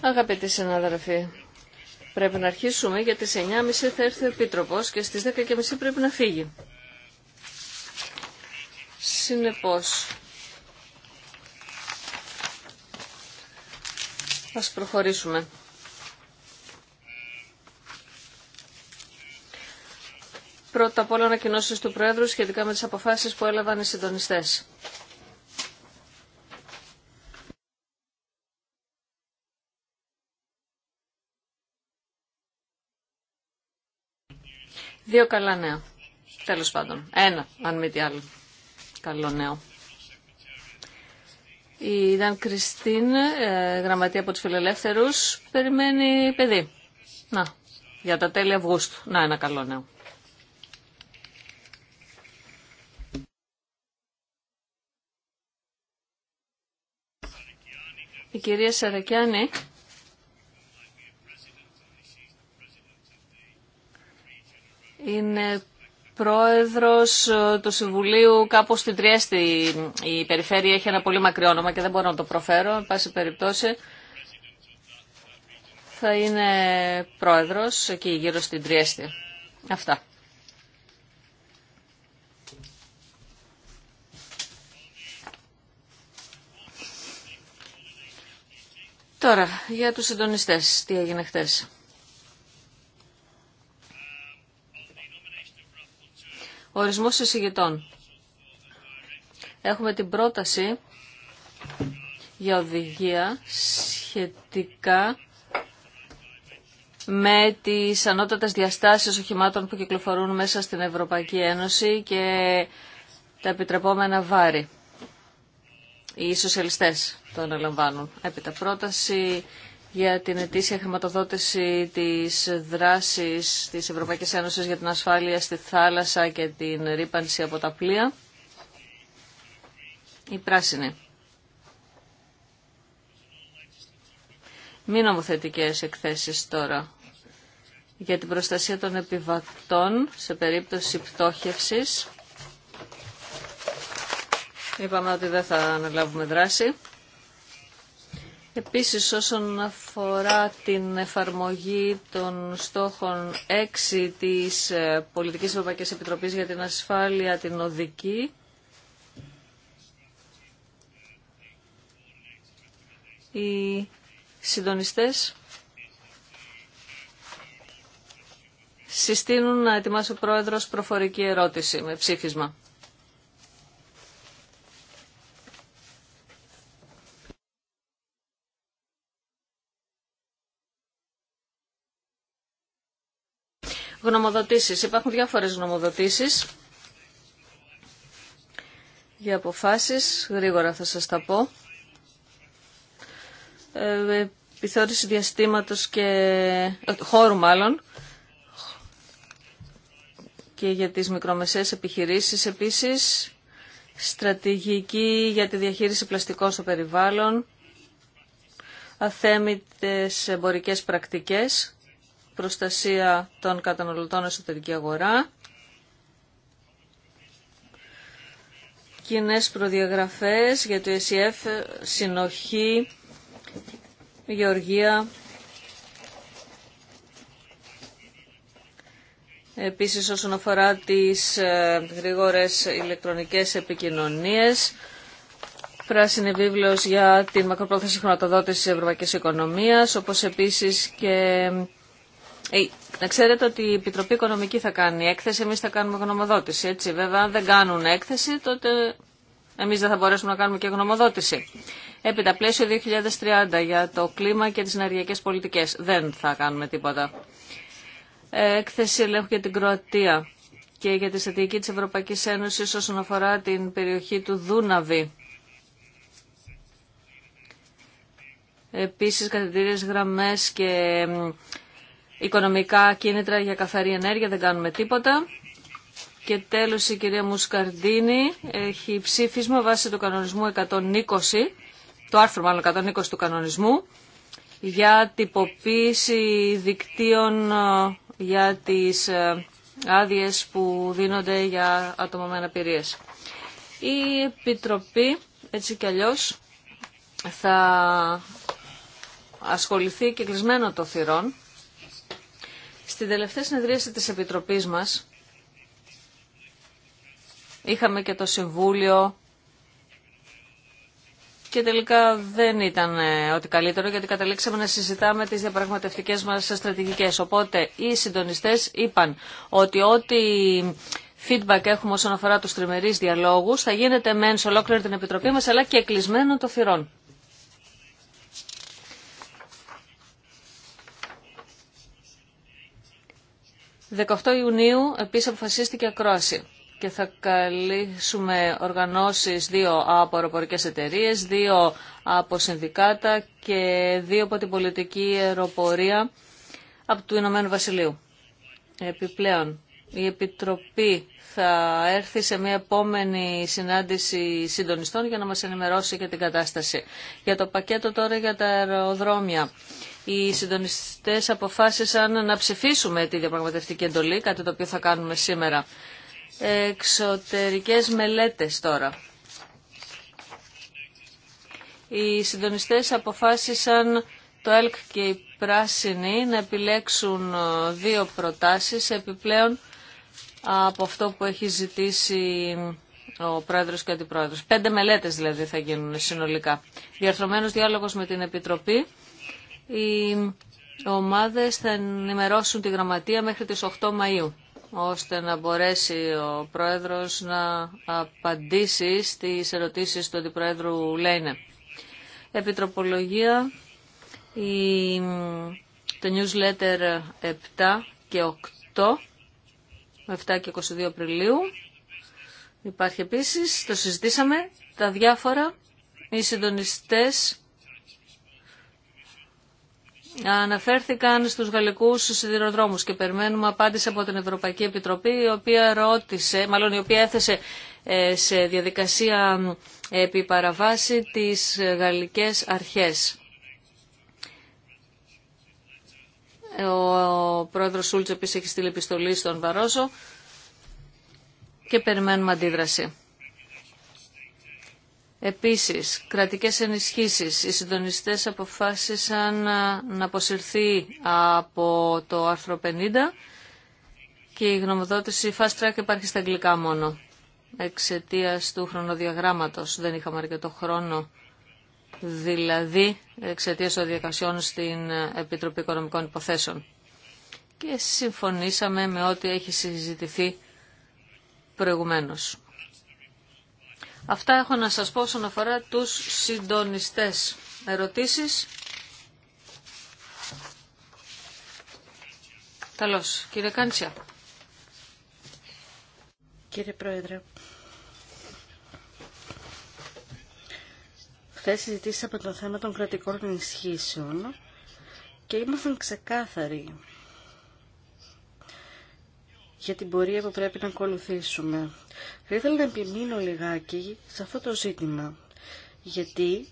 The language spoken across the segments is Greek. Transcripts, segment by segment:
Αγαπητοί συνάδελφοι, πρέπει να αρχίσουμε γιατί στις 9.30 θα έρθει ο Επίτροπος και στις 10.30 πρέπει να φύγει. Συνεπώς, ας προχωρήσουμε. Πρώτα απ' όλα ανακοινώσεις του Πρόεδρου σχετικά με τις αποφάσεις που έλαβαν οι συντονιστές. Δύο καλά νέα. Τέλος πάντων. Ένα, αν μη τι άλλο. Καλό νέο. Η Ιδαν Κριστίν, ε, γραμματεία από τους φιλελεύθερους, περιμένει παιδί. Να, για τα τέλη Αυγούστου. Να, ένα καλό νέο. Η κυρία Σαρακιάνη είναι πρόεδρος ε, του Συμβουλίου κάπου στην Τριέστη. Η περιφέρεια έχει ένα πολύ μακρύ όνομα και δεν μπορώ να το προφέρω. Εν πάση περιπτώσει θα είναι πρόεδρος εκεί γύρω στην Τριέστη. Αυτά. Τώρα, για τους συντονιστές, τι έγινε χτες. Ορισμός εισηγητών. Έχουμε την πρόταση για οδηγία σχετικά με τις ανώτατες διαστάσεις οχημάτων που κυκλοφορούν μέσα στην Ευρωπαϊκή Ένωση και τα επιτρεπόμενα βάρη. Οι σοσιαλιστές το αναλαμβάνουν. Έπειτα πρόταση για την ετήσια χρηματοδότηση της δράσης της Ευρωπαϊκής Ένωσης για την ασφάλεια στη θάλασσα και την ρήπανση από τα πλοία. Η πράσινη. Μη νομοθετικές εκθέσεις τώρα για την προστασία των επιβατών σε περίπτωση πτώχευσης. Είπαμε ότι δεν θα αναλάβουμε δράση. Επίσης όσον αφορά την εφαρμογή των στόχων 6 της ε, Πολιτικής Ευρωπαϊκής Επιτροπής για την Ασφάλεια την Οδική, οι συντονιστές συστήνουν να ετοιμάσει ο Πρόεδρος προφορική ερώτηση με ψήφισμα. Γνωμοδοτήσεις. Υπάρχουν διάφορες γνωμοδοτήσεις για αποφάσεις. Γρήγορα θα σας τα πω. Ε, επιθεώρηση διαστήματος και ε, χώρου μάλλον και για τις μικρομεσαίες επιχειρήσεις επίσης στρατηγική για τη διαχείριση πλαστικών στο περιβάλλον, αθέμητες εμπορικές πρακτικές προστασία των καταναλωτών εσωτερική αγορά, κοινέ προδιαγραφές για το ΕΣΥΕΦ, e συνοχή, γεωργία, Επίσης όσον αφορά τις ε, γρήγορες ηλεκτρονικές επικοινωνίες, πράσινη βίβλος για την μακροπρόθεση χρηματοδότηση της ευρωπαϊκής οικονομίας, όπως επίσης και ε, να ξέρετε ότι η Επιτροπή Οικονομική θα κάνει έκθεση, εμείς θα κάνουμε γνωμοδότηση, έτσι. Βέβαια, αν δεν κάνουν έκθεση, τότε εμείς δεν θα μπορέσουμε να κάνουμε και γνωμοδότηση. Έπειτα, πλαίσιο 2030 για το κλίμα και τις ενεργειακέ πολιτικές. Δεν θα κάνουμε τίποτα. Ε, έκθεση ελέγχου για την Κροατία και για τη στρατηγική της Ευρωπαϊκής Ένωσης όσον αφορά την περιοχή του Δούναβη. Επίσης, κατευθύνες γραμμές και οικονομικά κίνητρα για καθαρή ενέργεια, δεν κάνουμε τίποτα. Και τέλος η κυρία Μουσκαρντίνη έχει ψήφισμα βάσει του κανονισμού 120, το άρθρο μάλλον 120 του κανονισμού, για τυποποίηση δικτύων ε, για τις ε, άδειε που δίνονται για άτομα με αναπηρίες. Η Επιτροπή, έτσι κι αλλιώς, θα ασχοληθεί και κλεισμένο το θυρών στην τελευταία συνεδρίαση της Επιτροπής μας είχαμε και το Συμβούλιο και τελικά δεν ήταν ε, ότι καλύτερο γιατί καταλήξαμε να συζητάμε τις διαπραγματευτικές μας στρατηγικές. Οπότε οι συντονιστές είπαν ότι ό,τι feedback έχουμε όσον αφορά τους τριμερείς διαλόγους θα γίνεται μεν σε ολόκληρη την Επιτροπή μας αλλά και κλεισμένο το θυρών. 18 Ιουνίου επίσης αποφασίστηκε ακρόαση και θα καλύψουμε οργανώσεις δύο από αεροπορικές εταιρείες, δύο από συνδικάτα και δύο από την πολιτική αεροπορία από του Ηνωμένου Βασιλείου. Επιπλέον, η Επιτροπή θα έρθει σε μια επόμενη συνάντηση συντονιστών για να μας ενημερώσει για την κατάσταση. Για το πακέτο τώρα για τα αεροδρόμια οι συντονιστέ αποφάσισαν να ψηφίσουμε τη διαπραγματευτική εντολή, κάτι το οποίο θα κάνουμε σήμερα. Εξωτερικές μελέτες τώρα. Οι συντονιστέ αποφάσισαν το ΕΛΚ και οι πράσινοι να επιλέξουν ε, δύο προτάσεις επιπλέον από αυτό που έχει ζητήσει ε, ο πρόεδρος και ο αντιπρόεδρος. Πέντε μελέτες δηλαδή θα γίνουν συνολικά. Διαρθρωμένος διάλογος με την Επιτροπή οι ομάδες θα ενημερώσουν τη γραμματεία μέχρι τις 8 Μαΐου ώστε να μπορέσει ο Πρόεδρος να απαντήσει στις ερωτήσεις του Αντιπρόεδρου Λέινε. Επιτροπολογία, η, το newsletter 7 και 8, 7 και 22 Απριλίου. Υπάρχει επίσης, το συζητήσαμε, τα διάφορα, οι συντονιστές αναφέρθηκαν στους γαλλικούς σιδηροδρόμους και περιμένουμε απάντηση από την Ευρωπαϊκή Επιτροπή η οποία ρώτησε, μάλλον η οποία έθεσε ε, σε διαδικασία ε, επί παραβάση τις γαλλικές αρχές. Ο πρόεδρος Σούλτς επίσης έχει στείλει επιστολή στον Βαρόσο και περιμένουμε αντίδραση. Επίσης, κρατικές ενισχύσεις. Οι συντονιστές αποφάσισαν να αποσυρθεί από το άρθρο 50 και η γνωμοδότηση fast track υπάρχει στα αγγλικά μόνο. Εξαιτία του χρονοδιαγράμματος δεν είχαμε αρκετό χρόνο, δηλαδή εξαιτία των διακασιών στην Επιτροπή Οικονομικών Υποθέσεων. Και συμφωνήσαμε με ό,τι έχει συζητηθεί προηγουμένως. Αυτά έχω να σας πω όσον αφορά τους συντονιστές. Ερωτήσεις. Καλώς. Κύριε Κάντσια. Κύριε Πρόεδρε. Χθε συζητήσαμε το θέμα των κρατικών ενισχύσεων και ήμασταν ξεκάθαροι για την πορεία που πρέπει να ακολουθήσουμε. Θα ήθελα να επιμείνω λιγάκι σε αυτό το ζήτημα, γιατί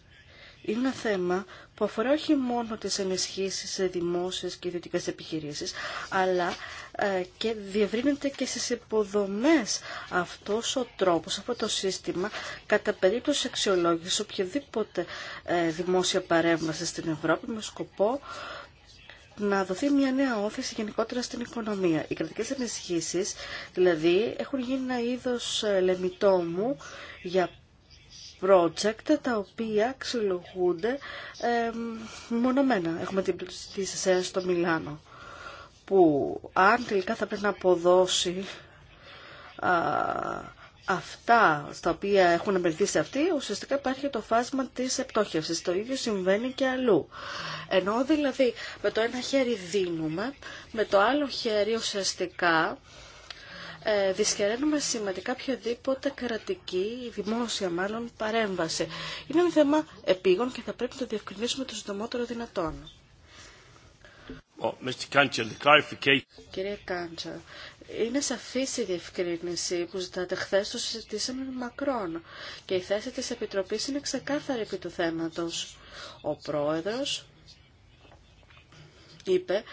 είναι ένα θέμα που αφορά όχι μόνο τις ενισχύσεις σε δημόσιες και ιδιωτικές επιχειρήσεις, αλλά ε, και διευρύνεται και στις υποδομές αυτός ο τρόπος, αυτό το σύστημα, κατά περίπτωση αξιολόγηση οποιαδήποτε ε, δημόσια παρέμβαση στην Ευρώπη με σκοπό να δοθεί μια νέα όθηση γενικότερα στην οικονομία. Οι κρατικές ενισχύσεις, δηλαδή, έχουν γίνει ένα είδος ε, λεμιτόμου για project τα οποία αξιολογούνται ε, μονομένα. Έχουμε την τη σε στο Μιλάνο που αν τελικά θα πρέπει να αποδώσει α, αυτά στα οποία έχουν σε αυτοί, ουσιαστικά υπάρχει το φάσμα της επτόχευσης. Το ίδιο συμβαίνει και αλλού. Ενώ δηλαδή με το ένα χέρι δίνουμε, με το άλλο χέρι ουσιαστικά ε, δυσκεραίνουμε σημαντικά οποιαδήποτε κρατική ή δημόσια μάλλον παρέμβαση. Είναι ένα θέμα επίγον και θα πρέπει να το διευκρινίσουμε το συντομότερο δυνατόν. Είναι σαφή η διευκρίνηση που ζητάτε. Χθε το συζητήσαμε με Μακρόν και η θέση της Επιτροπής είναι ξεκάθαρη επί του θέματος. Ο Πρόεδρος είπε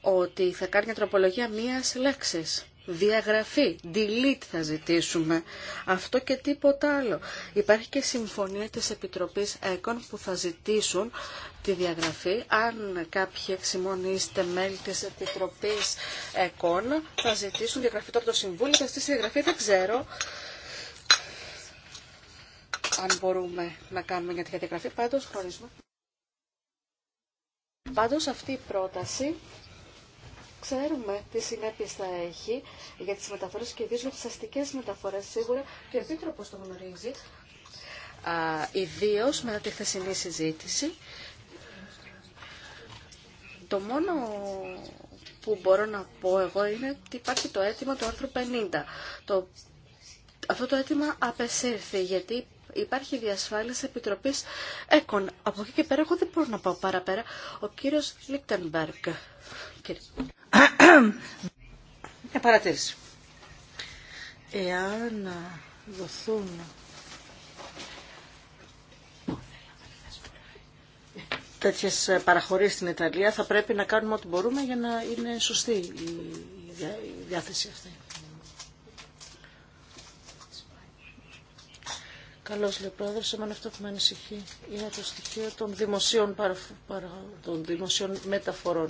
ότι θα κάνει μια τροπολογία μίας λέξης διαγραφή, delete θα ζητήσουμε. Αυτό και τίποτα άλλο. Υπάρχει και συμφωνία της Επιτροπής ΕΚΟΝ που θα ζητήσουν τη διαγραφή. Αν κάποιοι εξημών μέλη της Επιτροπής ΕΚΟΝ θα ζητήσουν διαγραφή τώρα το Συμβούλιο, θα ζητήσει διαγραφή, δεν ξέρω αν μπορούμε να κάνουμε για τη διαγραφή, πάντως χωρίζουμε. Πάντως αυτή η πρόταση Ξέρουμε τι συνέπειε θα έχει για τι μεταφορέ και ιδίω για τι αστικέ μεταφορέ. Σίγουρα και ο Επίτροπο το γνωρίζει. Ιδίω μετά τη χθεσινή συζήτηση. Το μόνο που μπορώ να πω εγώ είναι ότι υπάρχει το αίτημα του άρθρου 50, το αυτό το αίτημα απεσύρθη γιατί υπάρχει διασφάλιση επιτροπής έκον. Από εκεί και πέρα εγώ δεν μπορώ να πάω παραπέρα. Ο κύριος Λίκτενμπεργκ. Κύριε. Μια παρατήρηση. Εάν δοθούν τέτοιε παραχωρήσει στην Ιταλία θα πρέπει να κάνουμε ό,τι μπορούμε για να είναι σωστή η διάθεση αυτή. Καλώς λέει πρόεδρος, εμένα αυτό που με ανησυχεί είναι το στοιχείο των δημοσίων, παρα... Παρα... των δημοσίων μεταφορών.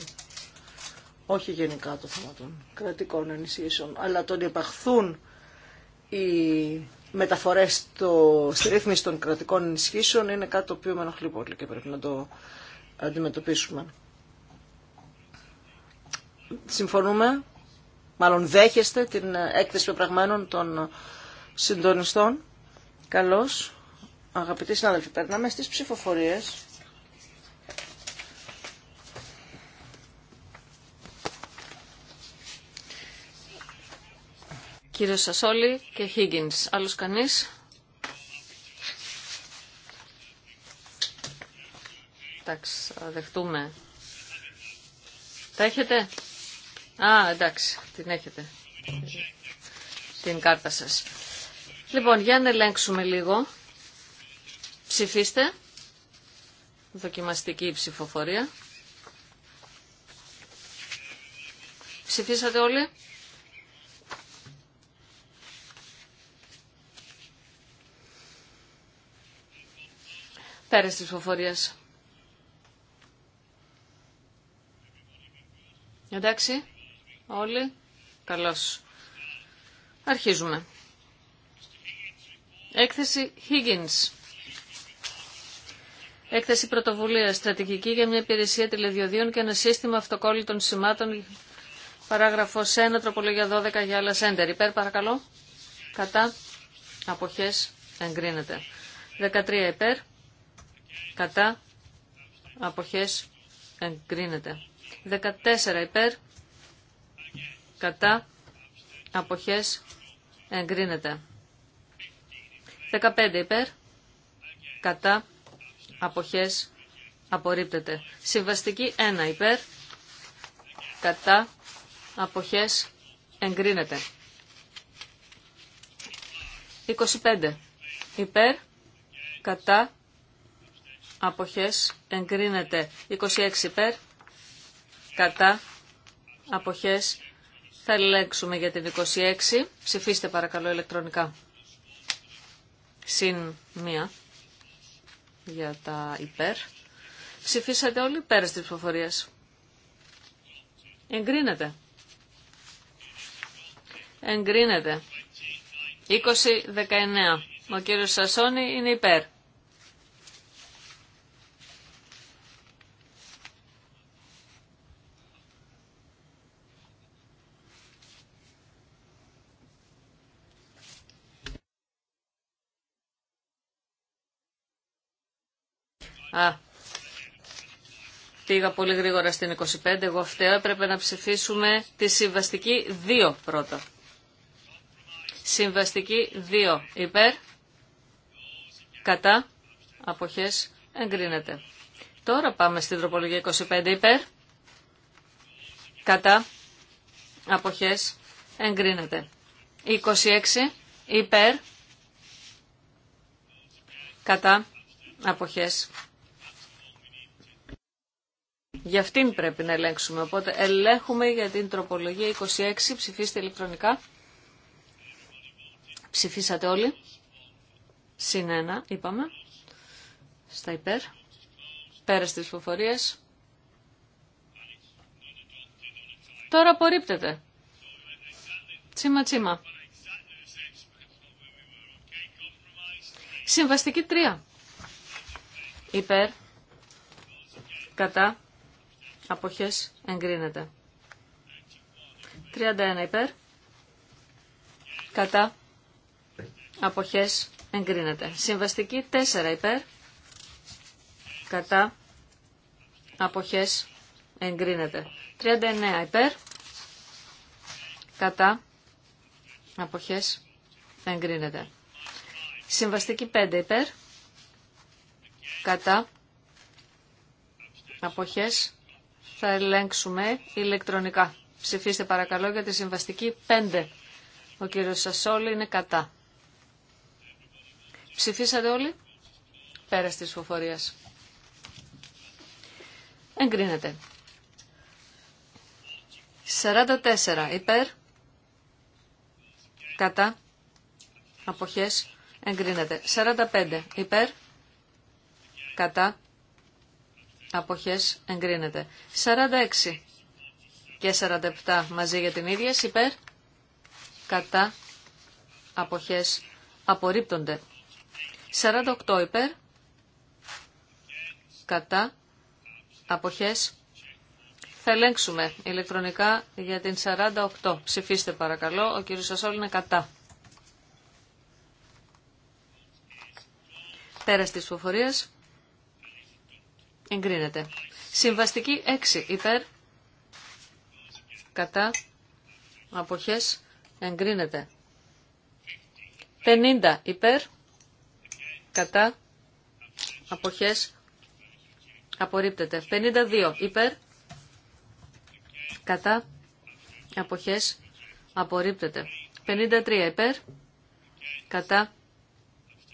Όχι γενικά το θέμα των κρατικών ενισχύσεων, αλλά τον επαχθούν οι μεταφορές στο... στη ρύθμιση των κρατικών ενισχύσεων είναι κάτι το οποίο με ενοχλεί πολύ και πρέπει να το αντιμετωπίσουμε. Συμφωνούμε, μάλλον δέχεστε την έκθεση πραγμένων των συντονιστών. Καλώς, αγαπητοί συνάδελφοι, περνάμε στις ψηφοφορίες. Κύριο Σασόλη και Higgins. Άλλος κανείς. Εντάξει, θα δεχτούμε. Τα έχετε. Α, εντάξει, την έχετε. Την κάρτα σας. Λοιπόν, για να ελέγξουμε λίγο. Ψηφίστε. Δοκιμαστική ψηφοφορία. Ψηφίσατε όλοι. Πέρας της ψηφοφορία. Εντάξει, όλοι. Καλώς. Αρχίζουμε. Έκθεση Higgins. Έκθεση πρωτοβουλία στρατηγική για μια υπηρεσία τηλεδιοδίων και ένα σύστημα αυτοκόλλητων σημάτων. Παράγραφο 1, τροπολογία 12 για άλλα σέντερ. Υπέρ, παρακαλώ. Κατά. Αποχέ. Εγκρίνεται. 13 υπέρ. Κατά. Αποχέ. Εγκρίνεται. 14 υπέρ. Κατά. Αποχέ. Εγκρίνεται. 15 υπέρ, κατά, αποχές, απορρίπτεται. Συμβαστική 1 υπέρ, κατά, αποχές, εγκρίνεται. 25 υπέρ, κατά, αποχές, εγκρίνεται. 26 υπέρ, κατά, αποχές, θα ελέγξουμε για την 26. Ψηφίστε παρακαλώ ηλεκτρονικά συν μία για τα υπέρ. Ψηφίσατε όλοι υπέρ στις ψηφοφοριες εγκρινεται Εγκρίνεται. Εγκρίνεται. 20-19. Ο κύριος Σασόνη είναι υπέρ. Α, πήγα πολύ γρήγορα στην 25, εγώ φταίω, έπρεπε να ψηφίσουμε τη συμβαστική 2 πρώτα. Συμβαστική 2, υπέρ, κατά, αποχές, εγκρίνεται. Τώρα πάμε στην τροπολογία 25, υπέρ, κατά, αποχές, εγκρίνεται. 26, υπέρ, κατά, αποχές, για αυτήν πρέπει να ελέγξουμε. Οπότε ελέγχουμε για την τροπολογία 26. Ψηφίστε ηλεκτρονικά. Ψηφίσατε όλοι. Συν ένα, είπαμε. Στα υπέρ. Πέρα στις φοφορίες. Τώρα απορρίπτεται. Τσίμα τσίμα. Συμβαστική τρία. Υπέρ. Κατά. Αποχές εγκρίνεται. 31 υπέρ. Κατά. Αποχές εγκρίνεται. Συμβαστική 4 υπέρ. Κατά. Αποχές εγκρίνεται. 39 υπέρ. Κατά. Αποχές εγκρίνεται. Συμβαστική 5 υπέρ. Κατά. Αποχές θα ελέγξουμε ηλεκτρονικά. Ψηφίστε παρακαλώ για τη συμβαστική 5. Ο κύριος Σασόλη είναι κατά. Ψηφίσατε όλοι. Πέρα της φοφορίας. Εγκρίνεται. 44 υπέρ. Κατά. Αποχές. Εγκρίνεται. 45 υπέρ. Κατά. Αποχές εγκρίνεται. 46 και 47 μαζί για την ίδια. Υπέρ. Κατά. Αποχές απορρίπτονται. 48 υπέρ. Κατά. Αποχές. Θα ελέγξουμε ηλεκτρονικά για την 48. Ψηφίστε παρακαλώ. Ο κύριος Σασόλ είναι κατά. Πέρας της ψηφοφορίας εγκρίνεται. Συμβαστική 6 υπέρ, κατά, αποχές, εγκρίνεται. 50 υπέρ, κατά, αποχές, απορρίπτεται. 52 υπέρ, κατά, αποχές, απορρίπτεται. 53 υπέρ, κατά,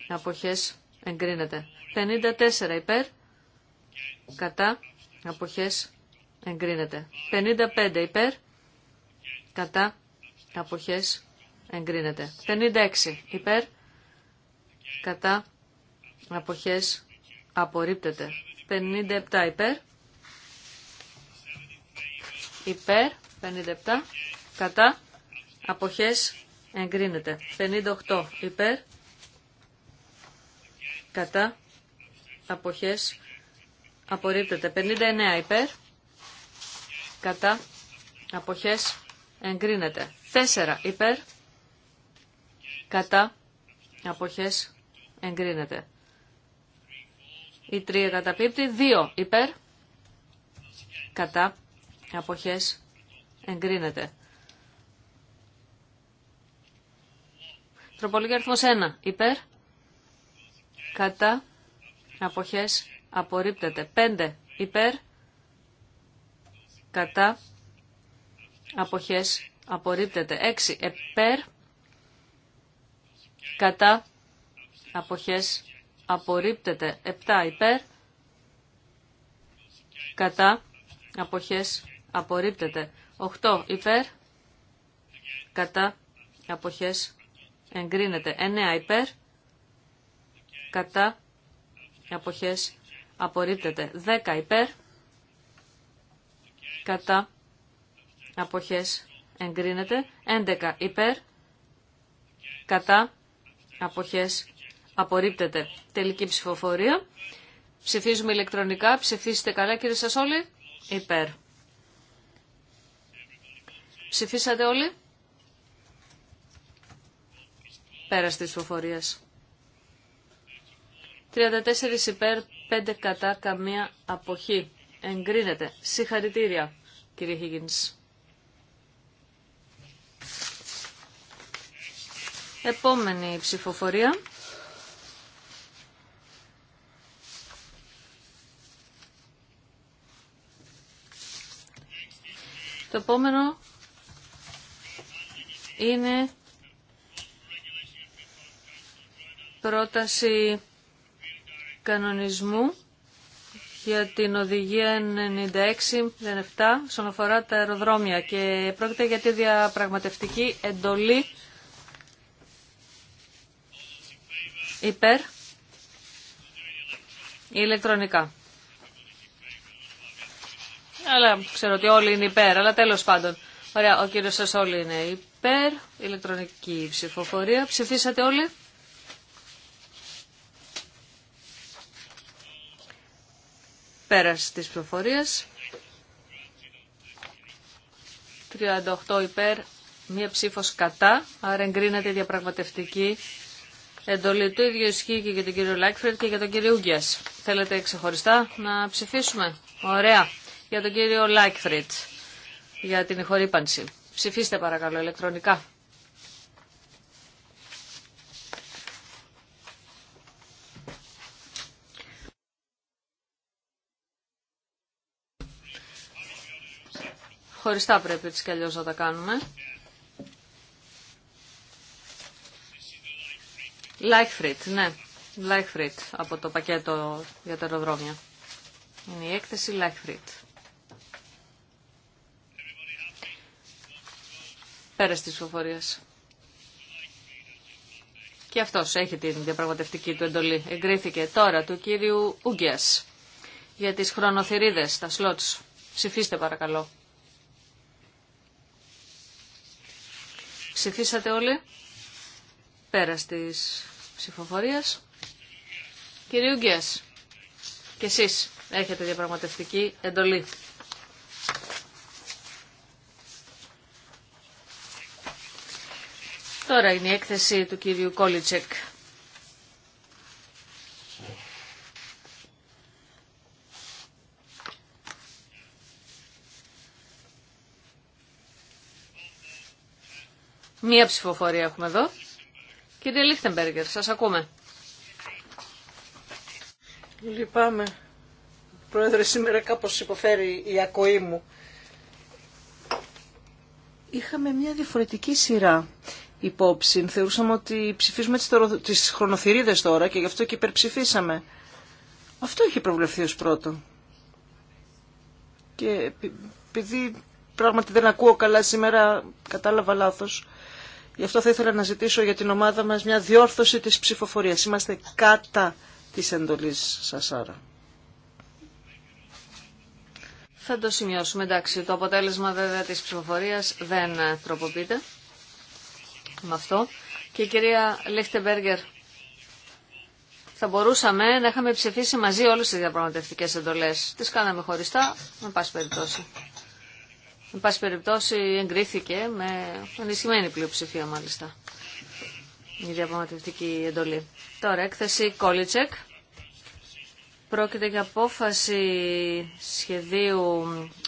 αποχές, εγκρίνεται. 54 υπέρ, κατά αποχές εγκρίνεται. 55 υπέρ κατά αποχές εγκρίνεται. 56 υπέρ κατά αποχές απορρίπτεται. 57 υπέρ υπέρ 57 κατά αποχές εγκρίνεται. 58 υπέρ κατά αποχές Απορρίπτεται. 59 υπέρ. Κατά. Αποχές. Εγκρίνεται. 4 υπέρ. Κατά. Αποχές. Εγκρίνεται. Η 3 καταπίπτει. 2 υπέρ. Κατά. Αποχές. Εγκρίνεται. Τροπολογία αριθμός 1. Υπέρ. Κατά. Αποχές απορρίπτεται. 5 υπέρ, κατά, αποχές, απορρίπτεται. 6 υπέρ, κατά, αποχές, απορρίπτεται. 7 υπέρ, κατά, αποχές, απορρίπτεται. 8 υπέρ, κατά, αποχές, εγκρίνεται. 9 υπέρ, κατά, αποχές, απορρίπτεται 10 υπέρ, κατά αποχές εγκρίνεται 11 υπέρ, κατά αποχές απορρίπτεται. Τελική ψηφοφορία. Ψηφίζουμε ηλεκτρονικά. Ψηφίστε καλά κύριε σας όλοι. Υπέρ. Ψηφίσατε όλοι. Πέρας της ψηφοφορίας. 34 υπέρ, Πέντε κατά καμία αποχή. Εγκρίνεται. Συγχαρητήρια, κύριε Higgins. Επόμενη ψηφοφορία. Το επόμενο είναι πρόταση κανονισμού για την οδηγία 96-07 στον αφορά τα αεροδρόμια και πρόκειται για τη διαπραγματευτική εντολή υπέρ ηλεκτρονικά. Αλλά ξέρω ότι όλοι είναι υπέρ, αλλά τέλος πάντων. Ωραία, ο κύριος σας όλοι είναι υπέρ, ηλεκτρονική ψηφοφορία. Ψηφίσατε όλοι. Πέρας της πληροφορία 38 υπέρ, μία ψήφος κατά, άρα εγκρίνεται η διαπραγματευτική εντολή. Το ίδιο ισχύει και για τον κύριο Λάκφερτ και για τον κύριο Ούγκιας. Θέλετε ξεχωριστά να ψηφίσουμε. Ωραία. Για τον κύριο Λάκφριτ, για την ηχορύπανση. Ψηφίστε παρακαλώ ηλεκτρονικά. Χωριστά πρέπει έτσι κι αλλιώς να τα κάνουμε. Λάιχφριτ, ναι. Λάιχφριτ από το πακέτο για τα αεροδρόμια. Είναι η έκθεση Frit. Πέρα της φοφορίες. Και αυτός έχει την διαπραγματευτική του εντολή. Εγκρίθηκε τώρα του κύριου Ούγκιας για τις χρονοθυρίδες, τα σλότς. Ψηφίστε παρακαλώ. Ψηφίσατε όλοι. Πέρα τη ψηφοφορία. Κύριε Ουγγιά, και εσείς έχετε διαπραγματευτική εντολή. Τώρα είναι η έκθεση του κύριου Κόλιτσεκ. Μία ψηφοφορία έχουμε εδώ. Κύριε Λίχτεμπεργκερ, σας ακούμε. Λυπάμαι. Πρόεδρε, σήμερα κάπως υποφέρει η ακοή μου. Είχαμε μια διαφορετική σειρά υπόψη. Θεωρούσαμε ότι ψηφίζουμε τις, χρονοθυρίδες τώρα και γι' αυτό και υπερψηφίσαμε. Αυτό είχε προβλεφθεί ως πρώτο. Και επειδή πράγματι δεν ακούω καλά σήμερα, κατάλαβα λάθος, Γι' αυτό θα ήθελα να ζητήσω για την ομάδα μας μια διόρθωση της ψηφοφορίας. Είμαστε κατά της εντολής σας άρα. Θα το σημειώσουμε. Εντάξει, το αποτέλεσμα βέβαια της ψηφοφορίας δεν τροποποιείται με αυτό. Και η κυρία Λίχτεμπέργκερ, θα μπορούσαμε να είχαμε ψηφίσει μαζί όλες τις διαπραγματευτικές εντολές. Τις κάναμε χωριστά, με πάση περιπτώσει. Εν πάση περιπτώσει εγκρίθηκε με ενισχυμένη πλειοψηφία μάλιστα η διαπραγματευτική εντολή. Τώρα έκθεση Κόλιτσεκ. Πρόκειται για απόφαση σχεδίου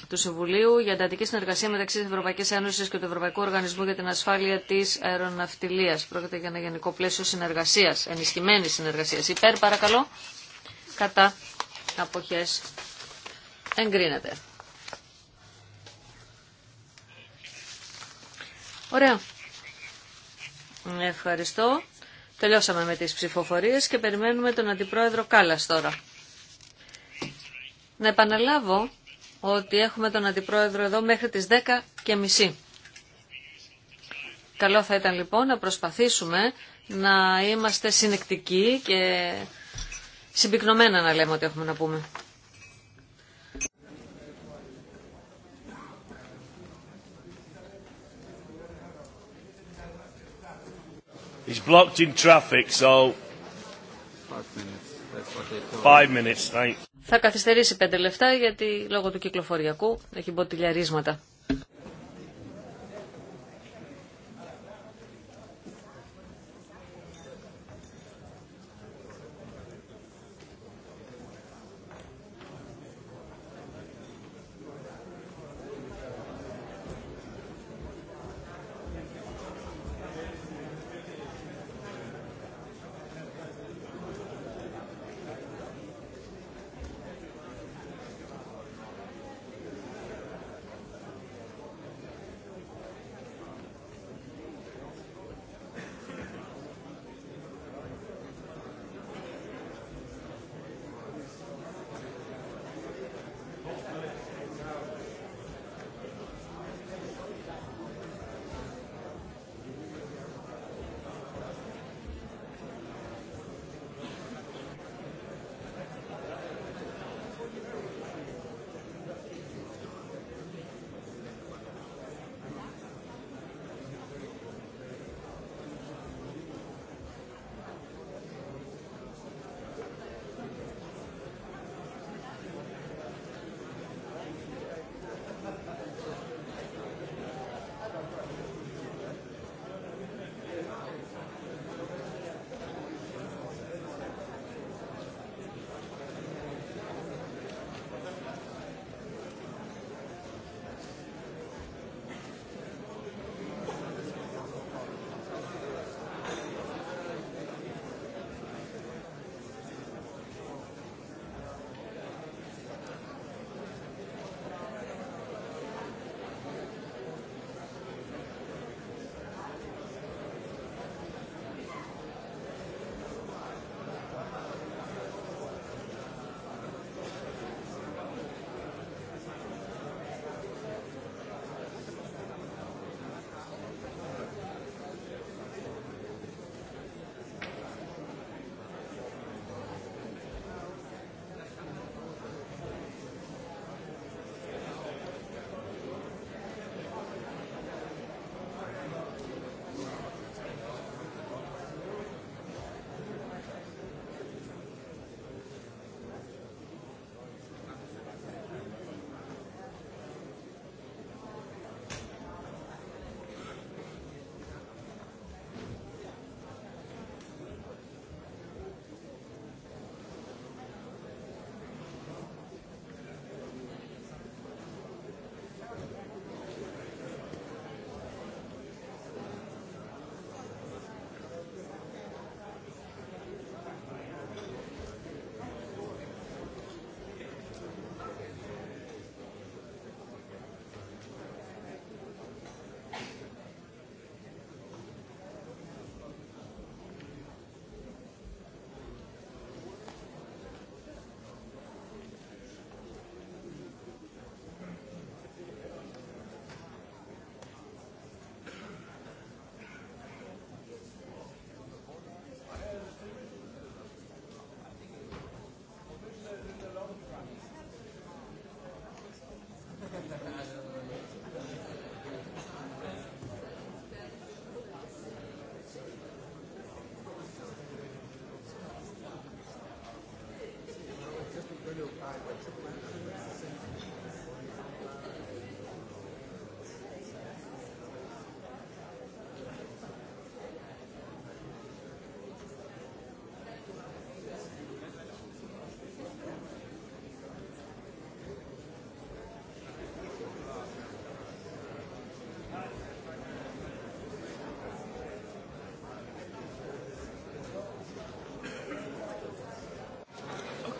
του Συμβουλίου για εντατική συνεργασία μεταξύ της Ευρωπαϊκής Ένωσης και του Ευρωπαϊκού Οργανισμού για την Ασφάλεια της αεροναυτιλίας. Πρόκειται για ένα γενικό πλαίσιο συνεργασίας, ενισχυμένη συνεργασία. Υπέρ, παρακαλώ. Κατά αποχέ. Εγκρίνεται. Ωραία. Ευχαριστώ. Τελειώσαμε με τις ψηφοφορίες και περιμένουμε τον Αντιπρόεδρο Κάλλας τώρα. Να επαναλάβω ότι έχουμε τον Αντιπρόεδρο εδώ μέχρι τις 10 και μισή. Καλό θα ήταν λοιπόν να προσπαθήσουμε να είμαστε συνεκτικοί και συμπυκνωμένα να λέμε ότι έχουμε να πούμε. He's blocked in traffic, so... Five minutes, thanks. Θα καθυστερήσει πέντε λεφτά γιατί λόγω του κυκλοφοριακού έχει μποτιλιαρίσματα.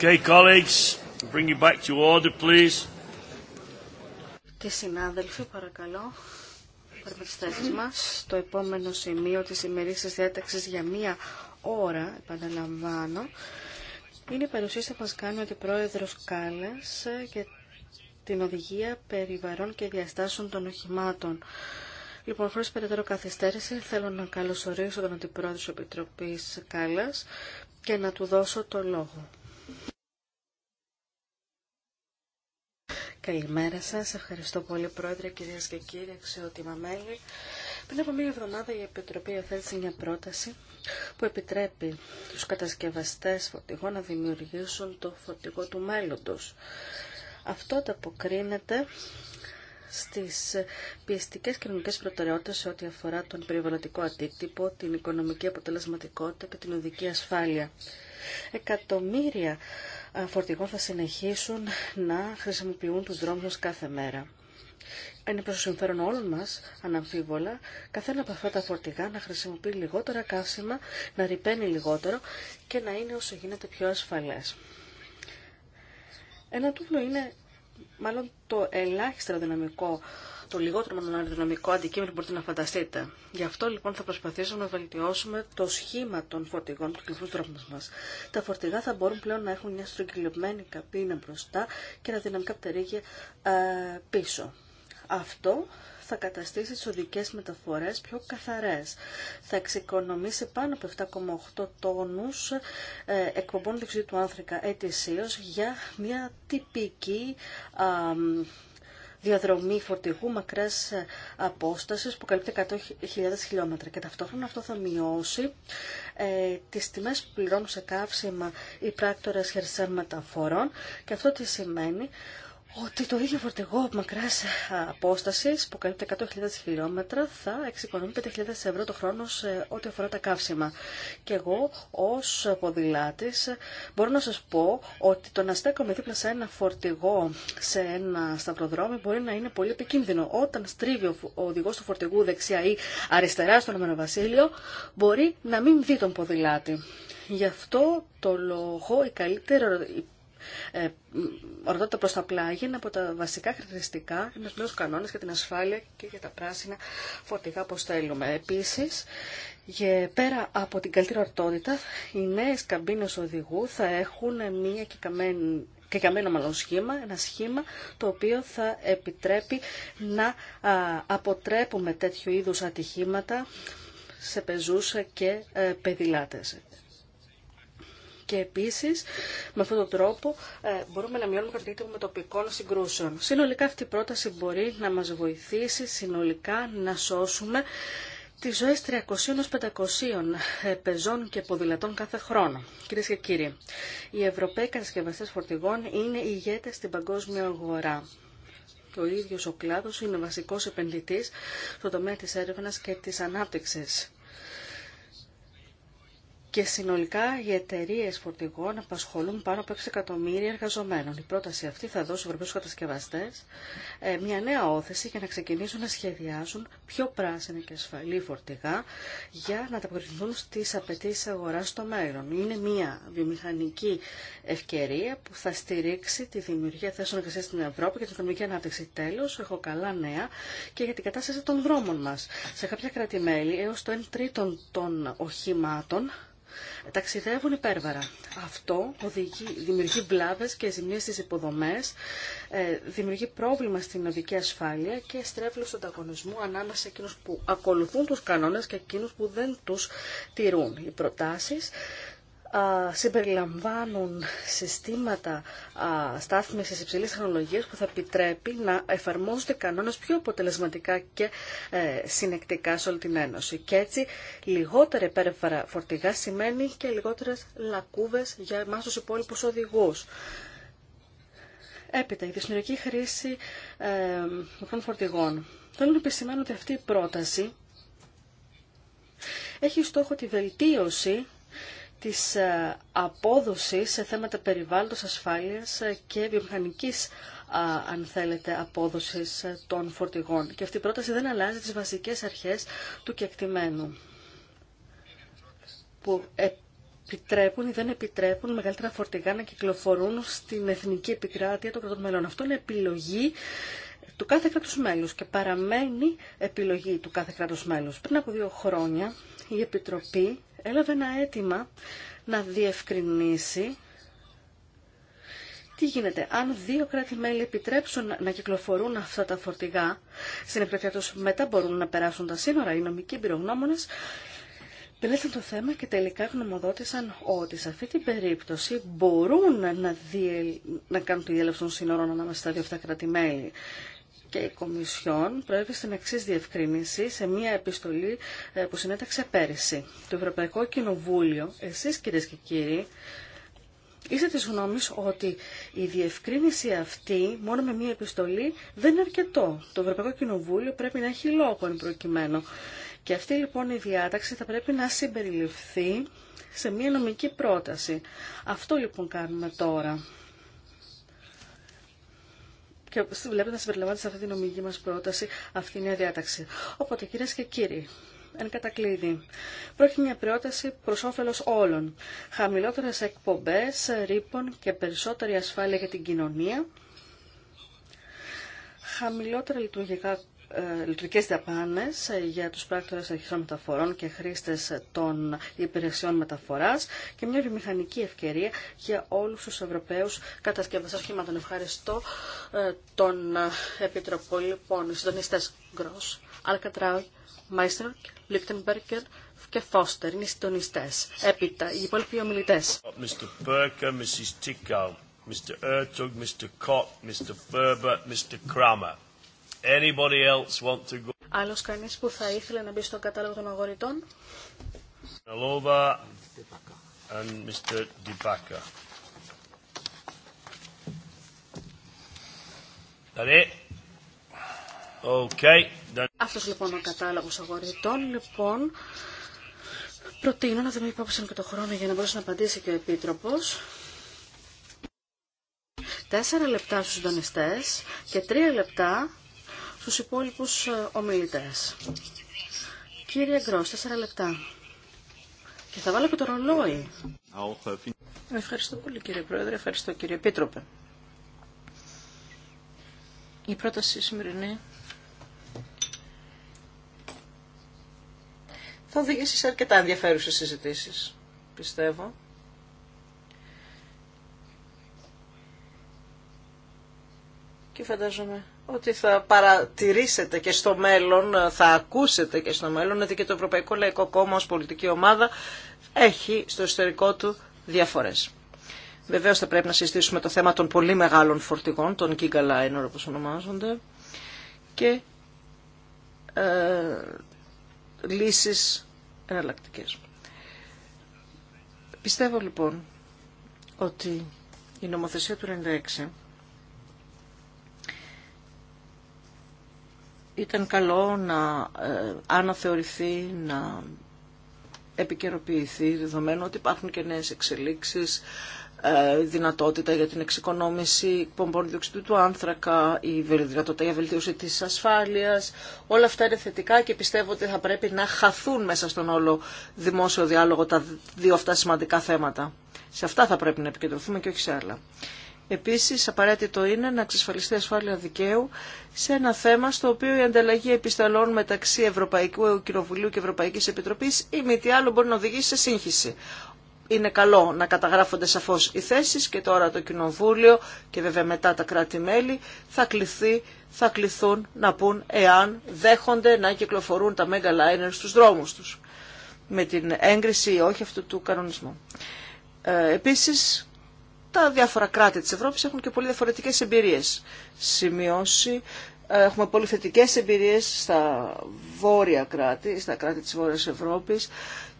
Okay, colleagues, bring you back to order, please. Και συνάδελφοι, παρακαλώ, πάρουμε τις θέσεις μας. Το επόμενο σημείο της ημερήσης διάταξης για μία ώρα, επαναλαμβάνω, είναι η παρουσίαση που μας κάνει ότι πρόεδρος Κάλλας και την οδηγία περιβαρών και διαστάσεων των οχημάτων. Λοιπόν, χωρίς περαιτέρω καθυστέρηση, θέλω να καλωσορίσω τον Αντιπρόεδρο της Επιτροπή Κάλλας και να του δώσω το λόγο. Καλημέρα σα. Ευχαριστώ πολύ Πρόεδρε, κυρίες και κύριοι, αξιότιμα μέλη. Πριν από μία εβδομάδα η Επιτροπή έθεσε μια πρόταση που επιτρέπει τους κατασκευαστές φωτιγών να δημιουργήσουν το φωτιγό του μέλλοντος. Αυτό αποκρίνεται στις πιεστικές κοινωνικέ προτεραιότητες σε ό,τι αφορά τον περιβαλλοντικό αντίκτυπο, την οικονομική αποτελεσματικότητα και την οδική ασφάλεια. Εκατομμύρια φορτηγών θα συνεχίσουν να χρησιμοποιούν τους δρόμους μας κάθε μέρα. Είναι προς το συμφέρον όλων μας, αναμφίβολα, καθένα από αυτά τα φορτηγά να χρησιμοποιεί λιγότερα καύσιμα, να ρηπαίνει λιγότερο και να είναι όσο γίνεται πιο ασφαλές. Ένα τούβλο είναι μάλλον το ελάχιστο δυναμικό το λιγότερο μοναδρονομικό αντικείμενο που μπορείτε να φανταστείτε. Γι' αυτό λοιπόν θα προσπαθήσουμε να βελτιώσουμε το σχήμα των φορτηγών του κλειστού δρόμου μα. Τα φορτηγά θα μπορούν πλέον να έχουν μια στρογγυλωμένη καπίνα μπροστά και ένα δυναμικά πτερήγια ε, πίσω. Αυτό θα καταστήσει τι οδικέ μεταφορέ πιο καθαρέ. Θα εξοικονομήσει πάνω από 7,8 τόνου ε, εκπομπών διοξιδίου του άνθρακα ετησίω για μια τυπική διαδρομή φορτηγού μακρές ε, απόσταση που καλύπτει 100.000 χιλιόμετρα και ταυτόχρονα αυτό θα μειώσει ε, τις τιμές που πληρώνουν σε καύσιμα οι πράκτορες χερσαίων μεταφορών και αυτό τι σημαίνει ότι το ίδιο φορτηγό μακρά απόσταση που καλύπτει 100.000 χιλιόμετρα θα εξοικονομεί 5.000 ευρώ το χρόνο σε ό,τι αφορά τα καύσιμα. Και εγώ ω ποδηλάτη, μπορώ να σα πω ότι το να στέκομαι δίπλα σε ένα φορτηγό σε ένα σταυροδρόμι μπορεί να είναι πολύ επικίνδυνο. Όταν στρίβει ο οδηγό του φορτηγού δεξιά ή αριστερά στον βασίλειο μπορεί να μην δει τον ποδηλάτη. Γι' αυτό το λόγο η καλύτερη ε, προ προς τα πλάγια είναι από τα βασικά χαρακτηριστικά ενός νέου κανόνες για την ασφάλεια και για τα πράσινα φορτηγά που στέλνουμε. Επίσης, πέρα από την καλύτερη ορτότητα, οι νέε καμπίνες οδηγού θα έχουν μία και καμένο μάλλον σχήμα, ένα σχήμα το οποίο θα επιτρέπει να αποτρέπουμε τέτοιου είδους ατυχήματα σε πεζούς και ε, πεδιλάτες. Και επίσης, με αυτόν τον τρόπο, ε, μπορούμε να μειώνουμε κατά με τοπικών συγκρούσεων. Συνολικά αυτή η πρόταση μπορεί να μας βοηθήσει συνολικά να σώσουμε τι ζωε 300 300-500 πεζών και ποδηλατών κάθε χρόνο. Κυρίε και κύριοι, οι Ευρωπαίοι κατασκευαστέ φορτηγών είναι ηγέτε στην παγκόσμια αγορά. Ο ίδιο ο κλάδο είναι βασικό επενδυτή στο τομέα τη έρευνα και τη ανάπτυξη και συνολικά οι εταιρείε φορτηγών απασχολούν πάνω από 6 εκατομμύρια εργαζομένων. Η πρόταση αυτή θα δώσει στου Ευρωπαίου κατασκευαστέ ε, μια νέα όθεση για να ξεκινήσουν να σχεδιάζουν πιο πράσινα και ασφαλή φορτηγά για να ανταποκριθούν στι απαιτήσει αγορά στο μέλλον. Είναι μια βιομηχανική ευκαιρία που θα στηρίξει τη δημιουργία θέσεων εργασία στην Ευρώπη και την οικονομική ανάπτυξη. Τέλο, έχω καλά νέα και για την κατάσταση των δρόμων μα. Σε κάποια κρατημέλη έω το 1 τρίτο των οχημάτων ταξιδεύουν υπέρβαρα. Αυτό οδηγεί, δημιουργεί βλάβες και ζημίες στις υποδομές, ε, δημιουργεί πρόβλημα στην οδική ασφάλεια και στρέφει στον ανταγωνισμού ανάμεσα σε εκείνους που ακολουθούν τους κανόνες και εκείνους που δεν τους τηρούν. Οι προτάσεις συμπεριλαμβάνουν συστήματα στάθμισης υψηλής τεχνολογίας που θα επιτρέπει να εφαρμόζονται κανόνες πιο αποτελεσματικά και ε, συνεκτικά σε όλη την Ένωση. Και έτσι λιγότερα υπέρβαρα φορτηγά σημαίνει και λιγότερες λακκούβες για εμάς τους υπόλοιπους οδηγούς. Έπειτα, η δυσμυρική χρήση ε, μικρών φορτηγών. Θέλω να επισημάνω ότι αυτή η πρόταση έχει στόχο τη βελτίωση της ε, απόδοσης σε θέματα περιβάλλοντος, ασφάλειας ε, και βιομηχανικής αν θέλετε, απόδοσης ε, των φορτηγών. Και αυτή η πρόταση δεν αλλάζει τις βασικές αρχές του κεκτημένου που επιτρέπουν ή δεν επιτρέπουν μεγαλύτερα φορτηγά να κυκλοφορούν στην εθνική επικράτεια των κρατών μελών. Αυτό είναι επιλογή του κάθε κράτους μέλους και παραμένει επιλογή του κάθε κράτους μέλους. Πριν από δύο χρόνια η Επιτροπή έλαβε ένα αίτημα να διευκρινίσει τι γίνεται. Αν δύο κράτη-μέλη επιτρέψουν να κυκλοφορούν αυτά τα φορτηγά στην επικρατεία τους, μετά μπορούν να περάσουν τα σύνορα. Οι νομικοί εμπειρογνώμονες Πελέθαν το θέμα και τελικά γνωμοδότησαν ότι σε αυτή την περίπτωση μπορούν να, να κάνουν τη διέλευση των σύνορων ανάμεσα στα δύο αυτά κράτη-μέλη και η Κομισιόν προέβη στην εξή διευκρίνηση σε μία επιστολή ε, που συνέταξε πέρυσι. Το Ευρωπαϊκό Κοινοβούλιο, εσείς κυρίες και κύριοι, Είστε της γνώμης ότι η διευκρίνηση αυτή μόνο με μία επιστολή δεν είναι αρκετό. Το Ευρωπαϊκό Κοινοβούλιο πρέπει να έχει λόγο εν προκειμένου. Και αυτή λοιπόν η διάταξη θα πρέπει να συμπεριληφθεί σε μία νομική πρόταση. Αυτό λοιπόν κάνουμε τώρα και βλέπετε να συμπεριλαμβάνεται σε αυτή την ομιγή μας πρόταση αυτή η διάταξη. Οπότε κυρίες και κύριοι, εν κατακλείδη. Πρόκειται μια πρόταση προ όφελο όλων. Χαμηλότερε εκπομπέ ρήπων και περισσότερη ασφάλεια για την κοινωνία. Χαμηλότερα λειτουργικά ε, λειτουργικές διαπάνες ε, για τους πράκτορες αρχιστών μεταφορών και χρήστες των υπηρεσιών μεταφοράς και μια βιομηχανική ευκαιρία για όλους τους Ευρωπαίους κατασκευαστές σχήματων. Ευχαριστώ ε, τον Επιτροπό, λοιπόν, οι συντονιστές Γκρός, Αλκατράου, Μάιστερ, Λίκτενμπέρκερ, και Φώστερ. Είναι οι συντονιστές. Έπειτα, οι υπόλοιποι ομιλητές. Mr. Mrs. Mr. Ertug, Mr. Mr. Ferber, Mr. Anybody else Άλλος κανείς που θα ήθελε να μπει στον κατάλογο των αγορητών. Αυτό Okay. Αυτός λοιπόν ο κατάλογος αγορητών, λοιπόν, προτείνω να δούμε υπόψη και το χρόνο για να μπορέσει να απαντήσει και ο Επίτροπος. Τέσσερα λεπτά στους συντονιστές και τρία λεπτά στους υπόλοιπους ε, ομιλητές. Κύριε Γκρός, τέσσερα λεπτά. Και θα βάλω και το ρολόι. Ευχαριστώ πολύ κύριε Πρόεδρε, ευχαριστώ κύριε Επίτροπε. Η πρόταση σημερινή θα οδηγήσει σε αρκετά ενδιαφέρουσες συζητήσεις, πιστεύω. Και φαντάζομαι ότι θα παρατηρήσετε και στο μέλλον, θα ακούσετε και στο μέλλον ότι και το Ευρωπαϊκό Λαϊκό Κόμμα ως πολιτική ομάδα έχει στο εσωτερικό του διαφορές. Βεβαίω θα πρέπει να συζητήσουμε το θέμα των πολύ μεγάλων φορτηγών, των Giga Liner όπως ονομάζονται, και ε, λύσεις εναλλακτικέ. Πιστεύω λοιπόν ότι η νομοθεσία του 96 ήταν καλό να ε, αναθεωρηθεί, να επικαιροποιηθεί, δεδομένου ότι υπάρχουν και νέες εξελίξεις, ε, δυνατότητα για την εξοικονόμηση εκπομπών διοξιδίου του άνθρακα, η δυνατότητα για βελτίωση της ασφάλειας. Όλα αυτά είναι θετικά και πιστεύω ότι θα πρέπει να χαθούν μέσα στον όλο δημόσιο διάλογο τα δύο αυτά σημαντικά θέματα. Σε αυτά θα πρέπει να επικεντρωθούμε και όχι σε άλλα. Επίσης, απαραίτητο είναι να εξασφαλιστεί ασφάλεια δικαίου σε ένα θέμα στο οποίο η ανταλλαγή επιστολών μεταξύ Ευρωπαϊκού Κοινοβουλίου και Ευρωπαϊκής Επιτροπής ή με τι άλλο μπορεί να οδηγήσει σε σύγχυση. Είναι καλό να καταγράφονται σαφώς οι θέσεις και τώρα το Κοινοβούλιο και βέβαια μετά τα κράτη-μέλη θα, θα κληθούν να πούν εάν δέχονται να κυκλοφορούν τα mega liners στους δρόμους τους με την έγκριση ή όχι αυτού του κανονισμού. Ε, επίσης, τα διάφορα κράτη της Ευρώπης έχουν και πολύ διαφορετικές εμπειρίες. Σημειώσει, ε, έχουμε πολύ θετικές εμπειρίες στα βόρεια κράτη, στα κράτη της Βόρειας Ευρώπης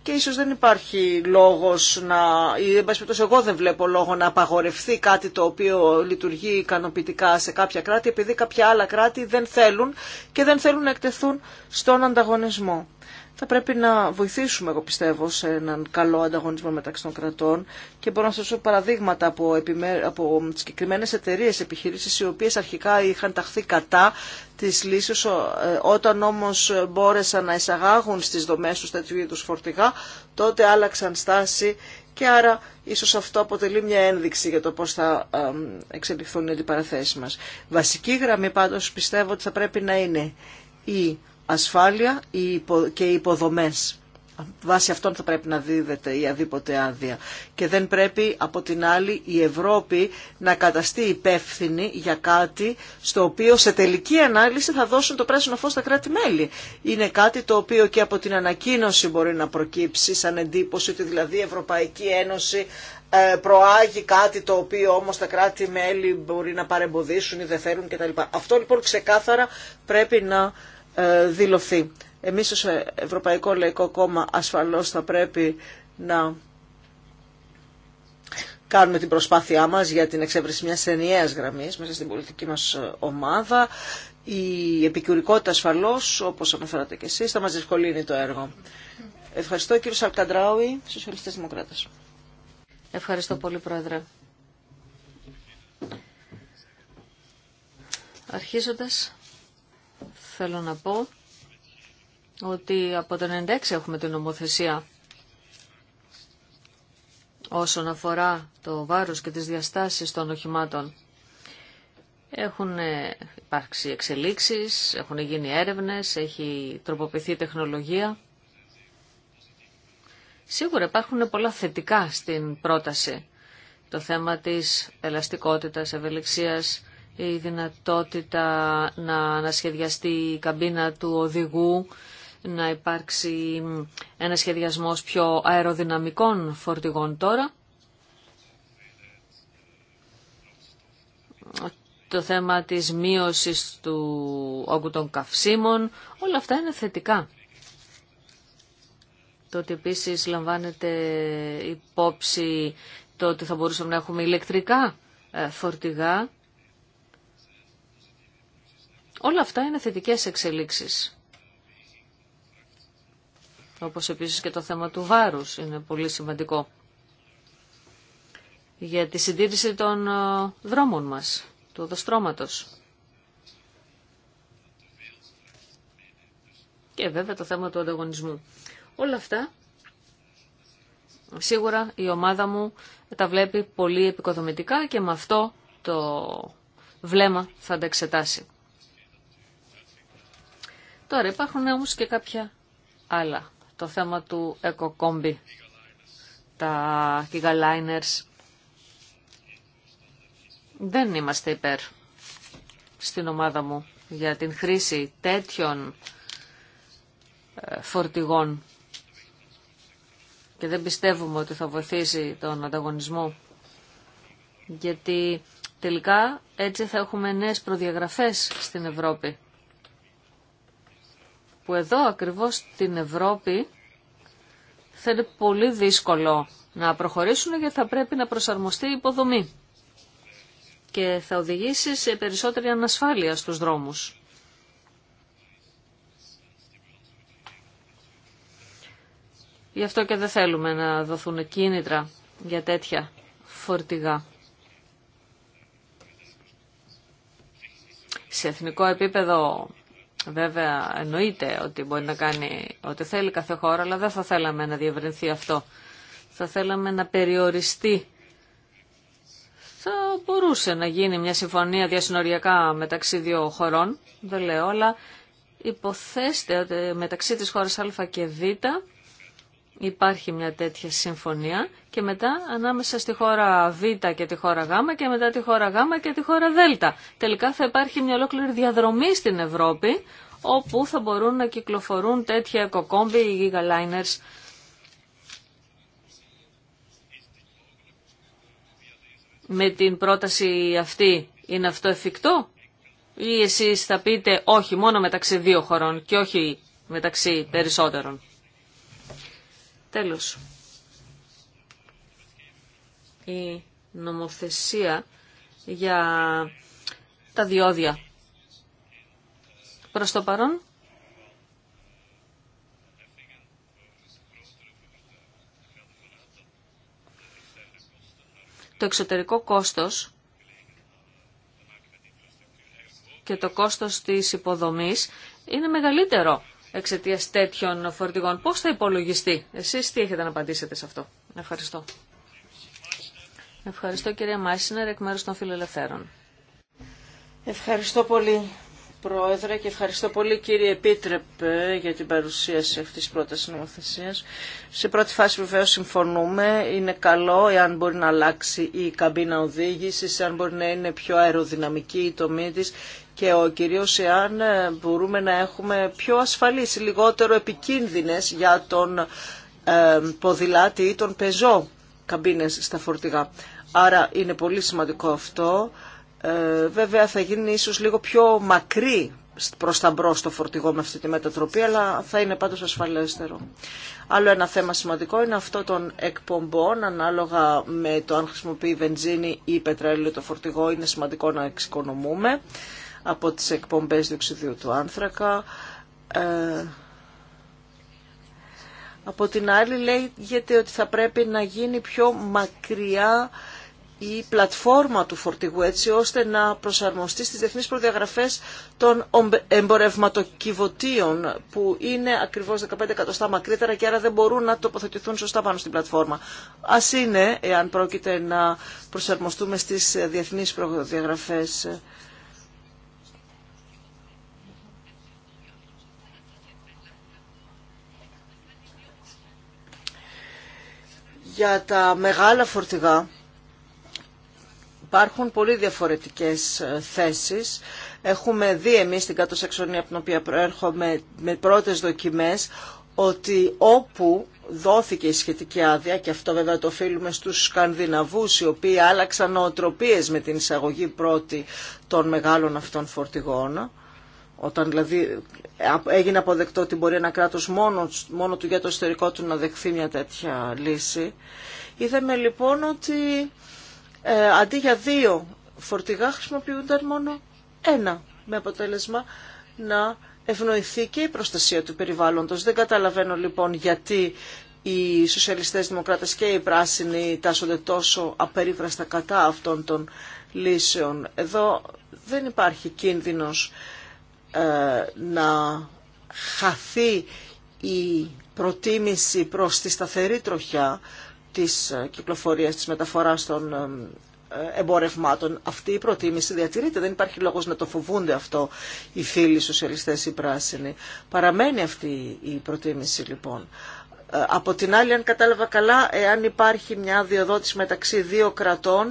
και ίσως δεν υπάρχει λόγος να, ή εν πάση εγώ δεν βλέπω λόγο να απαγορευτεί κάτι το οποίο λειτουργεί ικανοποιητικά σε κάποια κράτη επειδή κάποια άλλα κράτη δεν θέλουν και δεν θέλουν να εκτεθούν στον ανταγωνισμό θα πρέπει να βοηθήσουμε, εγώ πιστεύω, σε έναν καλό ανταγωνισμό μεταξύ των κρατών και μπορώ να σα δώσω παραδείγματα από, επιμέ... από συγκεκριμένε εταιρείε, επιχειρήσει, οι οποίε αρχικά είχαν ταχθεί κατά τη λύση, ε, όταν όμω μπόρεσαν να εισαγάγουν στι δομέ του τέτοιου είδου φορτηγά τότε άλλαξαν στάση και άρα ίσως αυτό αποτελεί μια ένδειξη για το πώς θα ε, εξελιχθούν οι αντιπαραθέσεις μας. Βασική γραμμή πάντως πιστεύω ότι θα πρέπει να είναι η ασφάλεια και υποδομές. Βάσει αυτών θα πρέπει να δίδεται η αδίποτε άδεια. Και δεν πρέπει από την άλλη η Ευρώπη να καταστεί υπεύθυνη για κάτι στο οποίο σε τελική ανάλυση θα δώσουν το πράσινο φως στα κράτη-μέλη. Είναι κάτι το οποίο και από την ανακοίνωση μπορεί να προκύψει σαν εντύπωση ότι δηλαδή η Ευρωπαϊκή Ένωση ε, προάγει κάτι το οποίο όμως τα κράτη-μέλη μπορεί να παρεμποδίσουν ή δεν θέλουν κτλ. Αυτό λοιπόν ξεκάθαρα πρέπει να ε, δηλωθεί. Εμείς ως Ευρωπαϊκό Λαϊκό Κόμμα ασφαλώς θα πρέπει να κάνουμε την προσπάθειά μας για την εξέβριση μιας ενιαίας γραμμής μέσα στην πολιτική μας ομάδα. Η επικουρικότητα ασφαλώς, όπως αναφέρατε και εσείς, θα μας διευκολύνει το έργο. Ευχαριστώ κύριο Σαλκαντράουι, Σοσιαλιστές Δημοκράτες. Ευχαριστώ πολύ Πρόεδρε. Αρχίζοντας, θέλω να πω ότι από το 96 έχουμε την νομοθεσία όσον αφορά το βάρος και τις διαστάσεις των οχημάτων. Έχουν υπάρξει εξελίξεις, έχουν γίνει έρευνες, έχει τροποποιηθεί τεχνολογία. Σίγουρα υπάρχουν πολλά θετικά στην πρόταση. Το θέμα της ελαστικότητας, ευελιξίας, η δυνατότητα να ανασχεδιαστεί η καμπίνα του οδηγού, να υπάρξει ένα σχεδιασμός πιο αεροδυναμικών φορτηγών τώρα. Το θέμα της μείωσης του όγκου των καυσίμων, όλα αυτά είναι θετικά. Το ότι επίσης λαμβάνεται υπόψη το ότι θα μπορούσαμε να έχουμε ηλεκτρικά ε, φορτηγά Όλα αυτά είναι θετικές εξελίξεις. Όπως επίσης και το θέμα του βάρους είναι πολύ σημαντικό για τη συντήρηση των ε, δρόμων μας, του οδοστρώματος. Και βέβαια το θέμα του ανταγωνισμού. Όλα αυτά, σίγουρα η ομάδα μου τα βλέπει πολύ επικοδομητικά και με αυτό το βλέμμα θα τα εξετάσει. Τώρα υπάρχουν όμως και κάποια άλλα. Το θέμα του εκοκόμπι, τα gigaliners. Δεν είμαστε υπέρ στην ομάδα μου για την χρήση τέτοιων ε, φορτηγών και δεν πιστεύουμε ότι θα βοηθήσει τον ανταγωνισμό γιατί τελικά έτσι θα έχουμε νέες προδιαγραφές στην Ευρώπη που εδώ ακριβώς στην Ευρώπη θα είναι πολύ δύσκολο να προχωρήσουν γιατί θα πρέπει να προσαρμοστεί η υποδομή και θα οδηγήσει σε περισσότερη ανασφάλεια στους δρόμους. Γι' αυτό και δεν θέλουμε να δοθούν κίνητρα για τέτοια φορτηγά. Σε εθνικό επίπεδο Βέβαια εννοείται ότι μπορεί να κάνει ό,τι θέλει κάθε χώρα, αλλά δεν θα θέλαμε να διευρυνθεί αυτό. Θα θέλαμε να περιοριστεί. Θα μπορούσε να γίνει μια συμφωνία διασυνοριακά μεταξύ δύο χωρών, δεν λέω, αλλά υποθέστε ότι μεταξύ της χώρας Α και Β υπάρχει μια τέτοια συμφωνία και μετά ανάμεσα στη χώρα Β και τη χώρα Γ και μετά τη χώρα Γ και τη χώρα Δ. Τελικά θα υπάρχει μια ολόκληρη διαδρομή στην Ευρώπη όπου θα μπορούν να κυκλοφορούν τέτοια κοκόμπι ή γιγαλάινερς. Με την πρόταση αυτή είναι αυτό εφικτό ή εσείς θα πείτε όχι μόνο μεταξύ δύο χωρών και όχι μεταξύ περισσότερων. Τέλος, η νομοθεσία για τα διόδια. Προς το παρόν, το εξωτερικό κόστος και το κόστος της υποδομής είναι μεγαλύτερο εξαιτία τέτοιων φορτηγών. Πώς θα υπολογιστεί. Εσείς τι έχετε να απαντήσετε σε αυτό. Ευχαριστώ. Ευχαριστώ κυρία Μάσινερ εκ μέρους των Φιλελευθέρων. Ευχαριστώ πολύ Πρόεδρε και ευχαριστώ πολύ κύριε Επίτρεπε για την παρουσίαση αυτής της πρώτης νομοθεσίας. Σε πρώτη φάση βεβαίω συμφωνούμε. Είναι καλό εάν μπορεί να αλλάξει η καμπίνα οδήγησης, εάν μπορεί να είναι πιο αεροδυναμική η τομή της και ο κυρίως εάν ε, μπορούμε να έχουμε πιο ασφαλείς, λιγότερο επικίνδυνες για τον ε, ποδηλάτη ή τον πεζό καμπίνες στα φορτηγά. Άρα είναι πολύ σημαντικό αυτό. Ε, βέβαια θα γίνει ίσως λίγο πιο μακρύ προς τα μπρος το φορτηγό με αυτή τη μετατροπή, αλλά θα είναι πάντως ασφαλέστερο. Άλλο ένα θέμα σημαντικό είναι αυτό των εκπομπών, ανάλογα με το αν χρησιμοποιεί βενζίνη ή πετρέλαιο το φορτηγό, είναι σημαντικό να εξοικονομούμε από τις εκπομπές διοξιδίου του άνθρακα. Ε, από την άλλη λέγεται ότι θα πρέπει να γίνει πιο μακριά η πλατφόρμα του φορτηγού έτσι ώστε να προσαρμοστεί στις διεθνείς προδιαγραφές των εμπορευματοκιβωτίων που είναι ακριβώς 15 εκατοστά μακρύτερα και άρα δεν μπορούν να τοποθετηθούν σωστά πάνω στην πλατφόρμα. Ας είναι, εάν πρόκειται να προσαρμοστούμε στις διεθνείς προδιαγραφές Για τα μεγάλα φορτηγά υπάρχουν πολύ διαφορετικές ε, θέσεις. Έχουμε δει εμείς στην κάτω σεξονία από την οποία προέρχομαι με πρώτες δοκιμές ότι όπου δόθηκε η σχετική άδεια και αυτό βέβαια το οφείλουμε στους Σκανδιναβούς οι οποίοι άλλαξαν νοοτροπίες με την εισαγωγή πρώτη των μεγάλων αυτών φορτηγών όταν δηλαδή έγινε αποδεκτό ότι μπορεί ένα κράτος μόνο, μόνο του για το ιστορικό του να δεχθεί μια τέτοια λύση. Είδαμε λοιπόν ότι ε, αντί για δύο φορτηγά χρησιμοποιούνταν μόνο ένα με αποτέλεσμα να ευνοηθεί και η προστασία του περιβάλλοντος. Δεν καταλαβαίνω λοιπόν γιατί οι σοσιαλιστές δημοκράτες και οι πράσινοι τάσσονται τόσο απερίφραστα κατά αυτών των λύσεων. Εδώ δεν υπάρχει κίνδυνος ε, να χαθεί η προτίμηση προς τη σταθερή τροχιά της ε, κυκλοφορίας, της μεταφοράς των ε, εμπορευμάτων. Αυτή η προτίμηση διατηρείται. Δεν υπάρχει λόγος να το φοβούνται αυτό οι φίλοι σοσιαλιστές ή πράσινοι. Παραμένει αυτή η προτίμηση λοιπόν. Από την άλλη, αν κατάλαβα καλά, εάν υπάρχει μια διοδότηση μεταξύ δύο κρατών,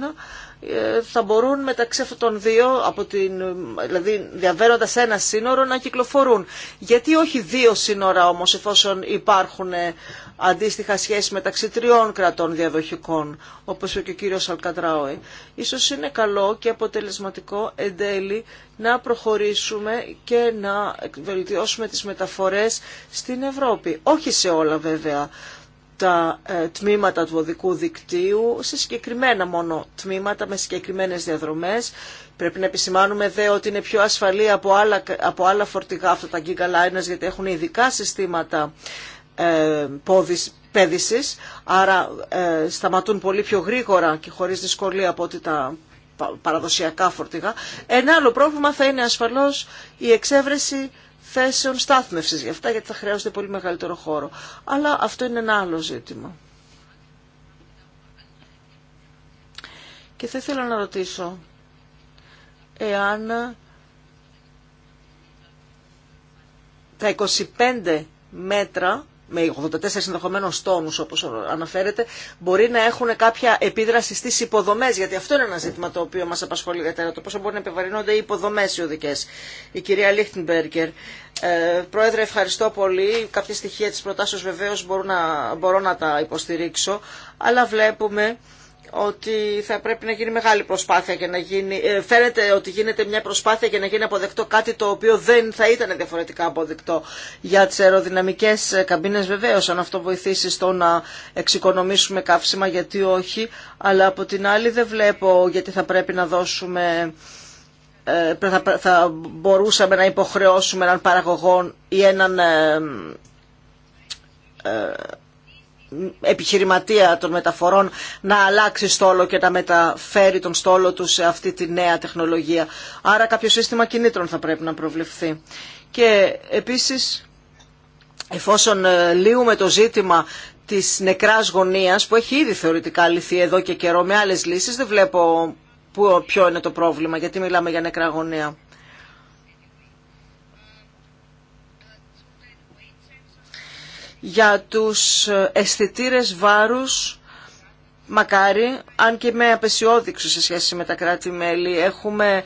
ε, θα μπορούν μεταξύ αυτών των δύο, από την, δηλαδή διαβαίνοντας ένα σύνορο, να κυκλοφορούν. Γιατί όχι δύο σύνορα όμως, εφόσον υπάρχουν ε, αντίστοιχα σχέσεις μεταξύ τριών κρατών διαδοχικών, όπως και ο κύριος Αλκατράοε. Ίσως είναι καλό και αποτελεσματικό εν τέλει να προχωρήσουμε και να βελτιώσουμε τις μεταφορές στην Ευρώπη. Όχι σε όλα βέβαια τα ε, τμήματα του οδικού δικτύου σε συγκεκριμένα μόνο τμήματα με συγκεκριμένες διαδρομές. Πρέπει να επισημάνουμε δε ότι είναι πιο ασφαλή από άλλα, από άλλα φορτηγά αυτά τα Giga γιατί έχουν ειδικά συστήματα ε, πέδησης, άρα ε, σταματούν πολύ πιο γρήγορα και χωρίς δυσκολία από ό,τι τα παραδοσιακά φορτηγά. Ένα άλλο πρόβλημα θα είναι ασφαλώς η εξέβρεση θέσεων στάθμευσης για αυτά, γιατί θα χρειάζονται πολύ μεγαλύτερο χώρο. Αλλά αυτό είναι ένα άλλο ζήτημα. Και θα ήθελα να ρωτήσω εάν τα 25 μέτρα με 84 ενδεχομένω τόνου, όπω αναφέρεται, μπορεί να έχουν κάποια επίδραση στι υποδομέ. Γιατί αυτό είναι ένα ζήτημα το οποίο μα απασχολεί ιδιαίτερα, το πόσο μπορεί να επιβαρυνόνται οι υποδομέ οι οδικέ. Η κυρία Λίχτενμπεργκερ. Ε, πρόεδρε, ευχαριστώ πολύ. Κάποια στοιχεία τη προτάσεω βεβαίω μπορώ να τα υποστηρίξω, αλλά βλέπουμε ότι θα πρέπει να γίνει μεγάλη προσπάθεια και να γίνει, ε, φαίνεται ότι γίνεται μια προσπάθεια και να γίνει αποδεκτό κάτι το οποίο δεν θα ήταν διαφορετικά αποδεκτό για τις αεροδυναμικές καμπίνες βεβαίως αν αυτό βοηθήσει στο να εξοικονομήσουμε καύσιμα γιατί όχι αλλά από την άλλη δεν βλέπω γιατί θα πρέπει να δώσουμε ε, θα μπορούσαμε να υποχρεώσουμε έναν παραγωγό ή έναν ε, επιχειρηματία των μεταφορών να αλλάξει στόλο και να μεταφέρει τον στόλο του σε αυτή τη νέα τεχνολογία. Άρα κάποιο σύστημα κινήτρων θα πρέπει να προβλεφθεί. Και επίσης εφόσον ε, λύουμε το ζήτημα της νεκράς γωνίας που έχει ήδη θεωρητικά λυθεί εδώ και καιρό με άλλες λύσεις δεν βλέπω ποιο είναι το πρόβλημα γιατί μιλάμε για νεκρά γωνία. για τους αισθητήρε βάρους Μακάρι, αν και με απεσιόδειξη σε σχέση με τα κράτη-μέλη, έχουμε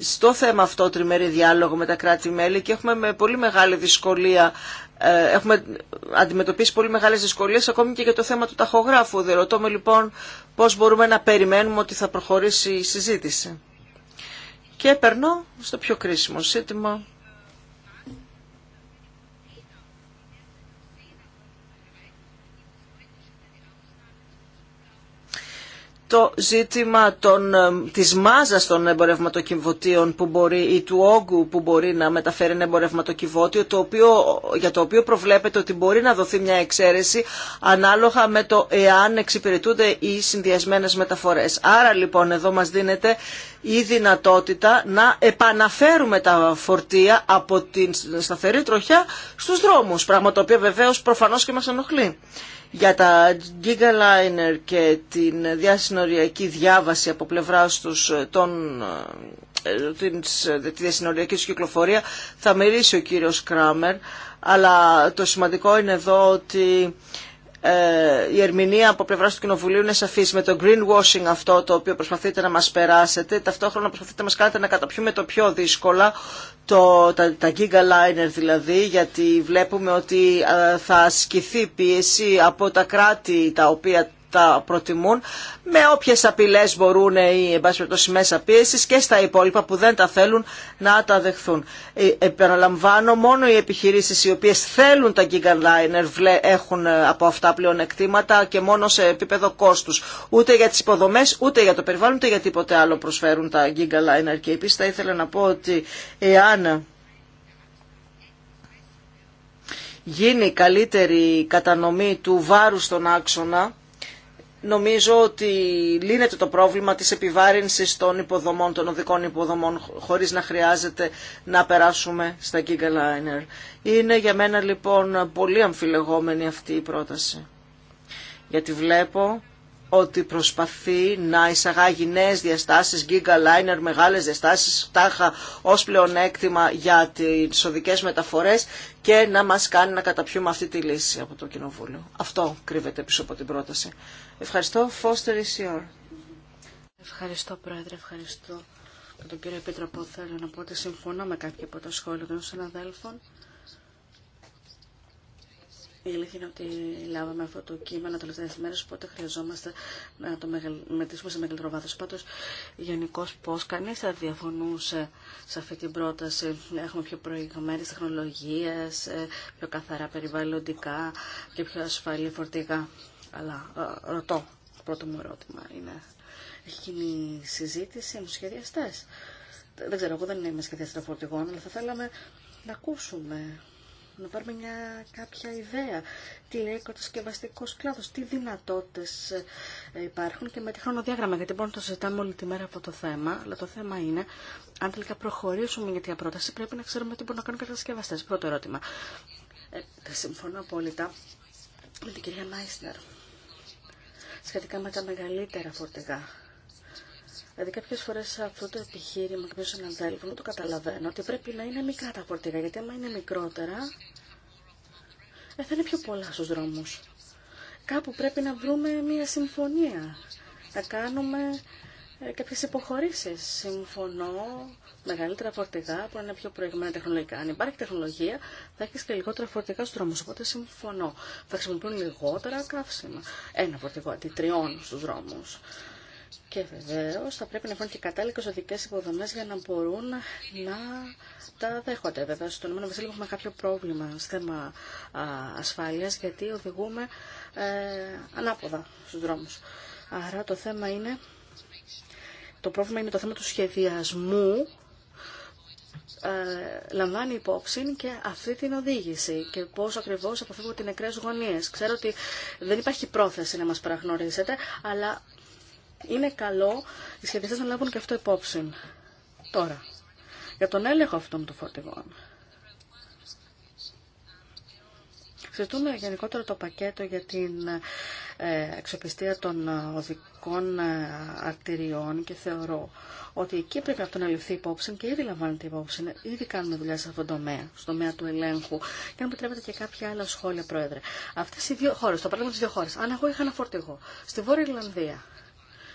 στο θέμα αυτό τριμερή διάλογο με τα κράτη-μέλη και έχουμε με πολύ μεγάλη δυσκολία ε, έχουμε αντιμετωπίσει πολύ μεγάλες δυσκολίες ακόμη και για το θέμα του ταχογράφου. Δεν ρωτώμε λοιπόν πώς μπορούμε να περιμένουμε ότι θα προχωρήσει η συζήτηση. Και περνώ στο πιο κρίσιμο σύντημα το ζήτημα των, ε, της μάζας των εμπορευματοκιβωτίων που μπορεί, ή του όγκου που μπορεί να μεταφέρει ένα εμπορευματοκιβώτιο το οποίο, για το οποίο προβλέπεται ότι μπορεί να δοθεί μια εξαίρεση ανάλογα με το εάν εξυπηρετούνται οι συνδυασμένε μεταφορές. Άρα λοιπόν εδώ μας δίνεται η δυνατότητα να επαναφέρουμε τα φορτία από την σταθερή τροχιά στους δρόμους, πράγμα το οποίο βεβαίως προφανώς και μας ενοχλεί. Για τα Gigaliner και την διασυνοριακή διάβαση από πλευρά τους των ε, τη διασυνοριακή κυκλοφορία θα μιλήσει ο κύριος Κράμερ αλλά το σημαντικό είναι εδώ ότι ε, η ερμηνεία από πλευρά του Κοινοβουλίου είναι σαφής Με το greenwashing αυτό το οποίο προσπαθείτε να μας περάσετε, ταυτόχρονα προσπαθείτε να μας κάνετε να καταπιούμε το πιο δύσκολα, το, τα, τα Giga Liner δηλαδή, γιατί βλέπουμε ότι ε, θα ασκηθεί πίεση από τα κράτη τα οποία τα προτιμούν με όποιες απειλές μπορούν οι εμπάσχευτος μέσα πίεσης και στα υπόλοιπα που δεν τα θέλουν να τα δεχθούν. Ε, επαναλαμβάνω, μόνο οι επιχειρήσεις οι οποίες θέλουν τα gigaliner έχουν ε, από αυτά πλέον εκτήματα και μόνο σε επίπεδο κόστους. Ούτε για τις υποδομές, ούτε για το περιβάλλον, ούτε για τίποτε άλλο προσφέρουν τα gigaliner. Και επίσης θα ήθελα να πω ότι εάν γίνει καλύτερη κατανομή του βάρου στον άξονα, νομίζω ότι λύνεται το πρόβλημα της επιβάρυνσης των υποδομών, των οδικών υποδομών, χωρίς να χρειάζεται να περάσουμε στα Gigaliner. Είναι για μένα λοιπόν πολύ αμφιλεγόμενη αυτή η πρόταση. Γιατί βλέπω ότι προσπαθεί να εισαγάγει νέες διαστάσεις, γίγκα, λάινερ, μεγάλες διαστάσεις, τάχα ως πλεονέκτημα για τις οδικές μεταφορές και να μας κάνει να καταπιούμε αυτή τη λύση από το Κοινοβούλιο. Αυτό κρύβεται πίσω από την πρόταση. Ευχαριστώ. Foster is your. Ευχαριστώ Πρόεδρε, ευχαριστώ. τον κύριο Επίτροπο θέλω να πω ότι συμφωνώ με κάποια από τα σχόλια των συναδέλφων. Η αλήθεια είναι ότι λάβαμε αυτό το κείμενο τελευταίε μέρε, οπότε χρειαζόμαστε να το μετρήσουμε σε μεγαλύτερο βάθο. Πάντω, γενικώ, πώ κανεί θα διαφωνούσε σε αυτή την πρόταση. Έχουμε πιο προηγμένε τεχνολογίε, ε, πιο καθαρά περιβαλλοντικά και πιο ασφαλή φορτηγά. Αλλά ε, ρωτώ, το πρώτο μου ερώτημα είναι, έχει γίνει συζήτηση με του σχεδιαστέ. Δεν ξέρω, εγώ δεν είμαι σχεδιαστή των φορτηγών, αλλά θα θέλαμε να ακούσουμε να πάρουμε μια κάποια ιδέα. Τι λέει ο κατασκευαστικό κλάδο, τι δυνατότητε ε, υπάρχουν και με τη χρονοδιάγραμμα. Γιατί μπορούμε να το συζητάμε όλη τη μέρα αυτό το θέμα, αλλά το θέμα είναι αν τελικά προχωρήσουμε για την πρόταση, πρέπει να ξέρουμε τι μπορούν να κάνουν οι κατασκευαστέ. Πρώτο ερώτημα. Ε, συμφωνώ απόλυτα με την κυρία Μάισνερ σχετικά με τα μεγαλύτερα φορτηγά Δηλαδή κάποιε φορέ αυτό το επιχείρημα κάποιων δεν το καταλαβαίνω ότι πρέπει να είναι μικρά τα φορτηγά γιατί άμα είναι μικρότερα ε, θα είναι πιο πολλά στου δρόμου. Κάπου πρέπει να βρούμε μια συμφωνία. Να κάνουμε ε, κάποιες υποχωρήσεις. Συμφωνώ, μεγαλύτερα φορτηγά που είναι πιο προηγμένα τεχνολογικά. Αν υπάρχει τεχνολογία θα έχει και λιγότερα φορτηγά στους δρόμου. Οπότε συμφωνώ. Θα χρησιμοποιούν λιγότερα καύσιμα. Ένα φορτηγό αντί τριών στου δρόμου. Και βεβαίω θα πρέπει να υπάρχουν και κατάλληλε οδικέ υποδομέ για να μπορούν να τα δέχονται. Βέβαια, στον Ηνωμένο Βασίλειο έχουμε κάποιο πρόβλημα στο θέμα ασφάλεια, γιατί οδηγούμε ε, ανάποδα στου δρόμου. Άρα το θέμα είναι. Το πρόβλημα είναι το θέμα του σχεδιασμού ε, λαμβάνει υπόψη και αυτή την οδήγηση και πώ ακριβώ αποφύγουμε την νεκρέ γωνίε. Ξέρω ότι δεν υπάρχει πρόθεση να μα παραγνωρίσετε, αλλά είναι καλό οι σχεδιαστές να λάβουν και αυτό υπόψη. Τώρα, για τον έλεγχο αυτών των φορτηγών. Συζητούμε γενικότερα το πακέτο για την ε, εξοπιστία των οδικών ε, αρτηριών και θεωρώ ότι εκεί πρέπει αυτό να ληφθεί υπόψη και ήδη λαμβάνεται υπόψη. Ήδη κάνουμε δουλειά σε αυτόν τον τομέα, στο τομέα του ελέγχου. Και αν επιτρέπετε και κάποια άλλα σχόλια, Πρόεδρε. Αυτέ οι δύο χώρε, το παράδειγμα τη δύο χώρε, αν εγώ είχα ένα φορτηγό στη Βόρεια Ιρλανδία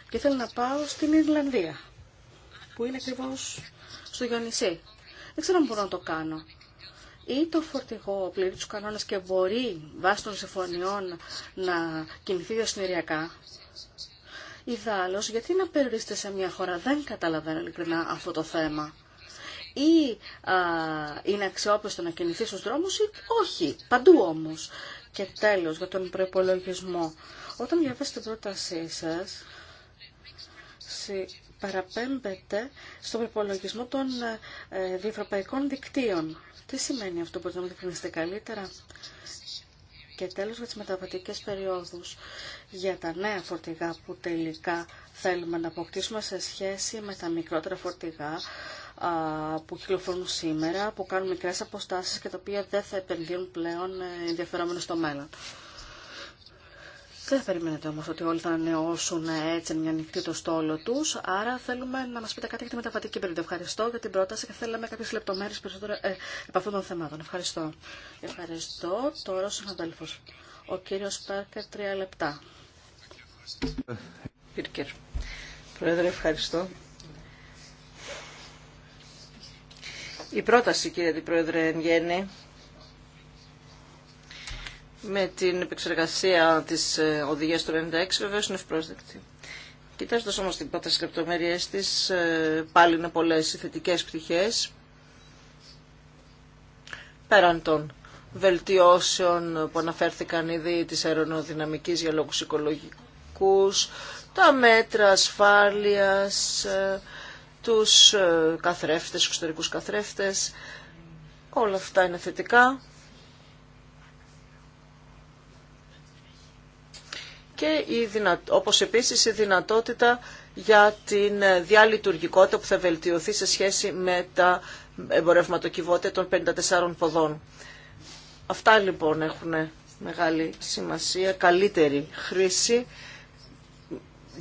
και θέλω να πάω στην Ιρλανδία, που είναι ακριβώ στο Γιονυσί. Δεν ξέρω αν μπορώ να το κάνω. Ή το φορτηγό πληρεί του κανόνε και μπορεί βάσει των συμφωνιών να κινηθεί Ή Ιδάλω, γιατί να περιορίσετε σε μια χώρα, δεν καταλαβαίνω ειλικρινά αυτό το θέμα. Ή α, είναι αξιόπιστο να κινηθεί στους δρόμους ή όχι. Παντού όμως. Και τέλο για τον προπολογισμό. Όταν διαβάσετε την πρότασή σα παραπέμπεται στον προπολογισμό των ε, διευρωπαϊκών δικτύων. Τι σημαίνει αυτό, μπορείτε να μου καλύτερα. Και τέλος για τις μεταβατικές περιόδους για τα νέα φορτηγά που τελικά θέλουμε να αποκτήσουμε σε σχέση με τα μικρότερα φορτηγά που κυκλοφορούν σήμερα, που κάνουν μικρές αποστάσεις και τα οποία δεν θα επενδύουν πλέον ε, ενδιαφερόμενο στο μέλλον. Δεν περιμένετε όμως ότι όλοι θα ανανεώσουν ε, έτσι μια νυχτή το στόλο τους, άρα θέλουμε να μα πείτε κάτι για τη μεταβατική περίοδο. Ευχαριστώ για την πρόταση και θέλαμε κάποιε λεπτομέρειε περισσότερο ε, από αυτών των θεμάτων. Ευχαριστώ. Ευχαριστώ. Τώρα ο συναδέλφο. Ο κύριος Πάρκερ, τρία λεπτά. Πίρκερ. Πρόεδρε, ευχαριστώ. Η πρόταση, κύριε Αντιπρόεδρε, εν γέννη, με την επεξεργασία της ε, οδηγίας του 96 βεβαίω είναι ευπρόσδεκτη. Κοιτάζοντας όμως την λεπτομέρειε τη, της, ε, πάλι είναι πολλές οι θετικές πτυχέ. Πέραν των βελτιώσεων που αναφέρθηκαν ήδη της αερονοδυναμικής για λόγου οικολογικού, τα μέτρα ασφάλειας, ε, τους καθρέφτες, εξωτερικού καθρέφτες, όλα αυτά είναι θετικά. και η όπως επίσης η δυνατότητα για την ε, διαλειτουργικότητα που θα βελτιωθεί σε σχέση με τα εμπορευματοκιβώτια των 54 ποδών. Αυτά λοιπόν έχουν μεγάλη σημασία, καλύτερη χρήση,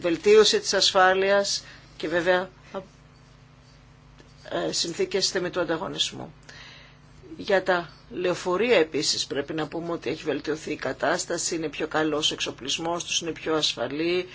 βελτίωση της ασφάλειας και βέβαια ε, συνθήκες θεμητού ανταγωνισμού. Για τα λεωφορεία επίσης πρέπει να πούμε ότι έχει βελτιωθεί η κατάσταση, είναι πιο καλός ο εξοπλισμός τους, είναι πιο ασφαλή.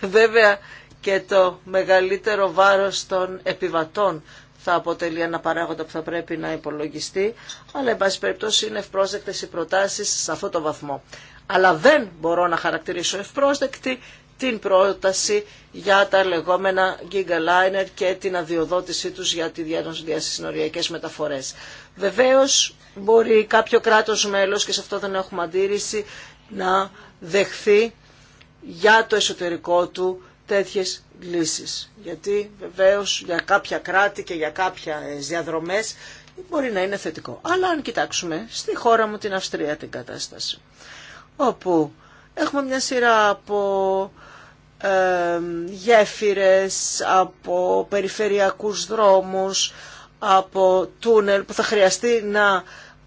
Βέβαια και το μεγαλύτερο βάρος των επιβατών θα αποτελεί ένα παράγοντα που θα πρέπει να υπολογιστεί, αλλά εν πάση περιπτώσει είναι ευπρόσδεκτες οι προτάσεις σε αυτό το βαθμό. Αλλά δεν μπορώ να χαρακτηρίσω ευπρόσδεκτη την πρόταση για τα λεγόμενα gigaliner και την αδειοδότησή τους για τη διασυνοριακές μεταφορές. Βεβαίως μπορεί κάποιο κράτος μέλος, και σε αυτό δεν έχουμε αντίρρηση, να δεχθεί για το εσωτερικό του τέτοιες λύσεις. Γιατί βεβαίως για κάποια κράτη και για κάποια διαδρομές μπορεί να είναι θετικό. Αλλά αν κοιτάξουμε στη χώρα μου την Αυστρία την κατάσταση, όπου Έχουμε μια σειρά από ε, γέφυρες, από περιφερειακούς δρόμους, από τούνελ που θα χρειαστεί να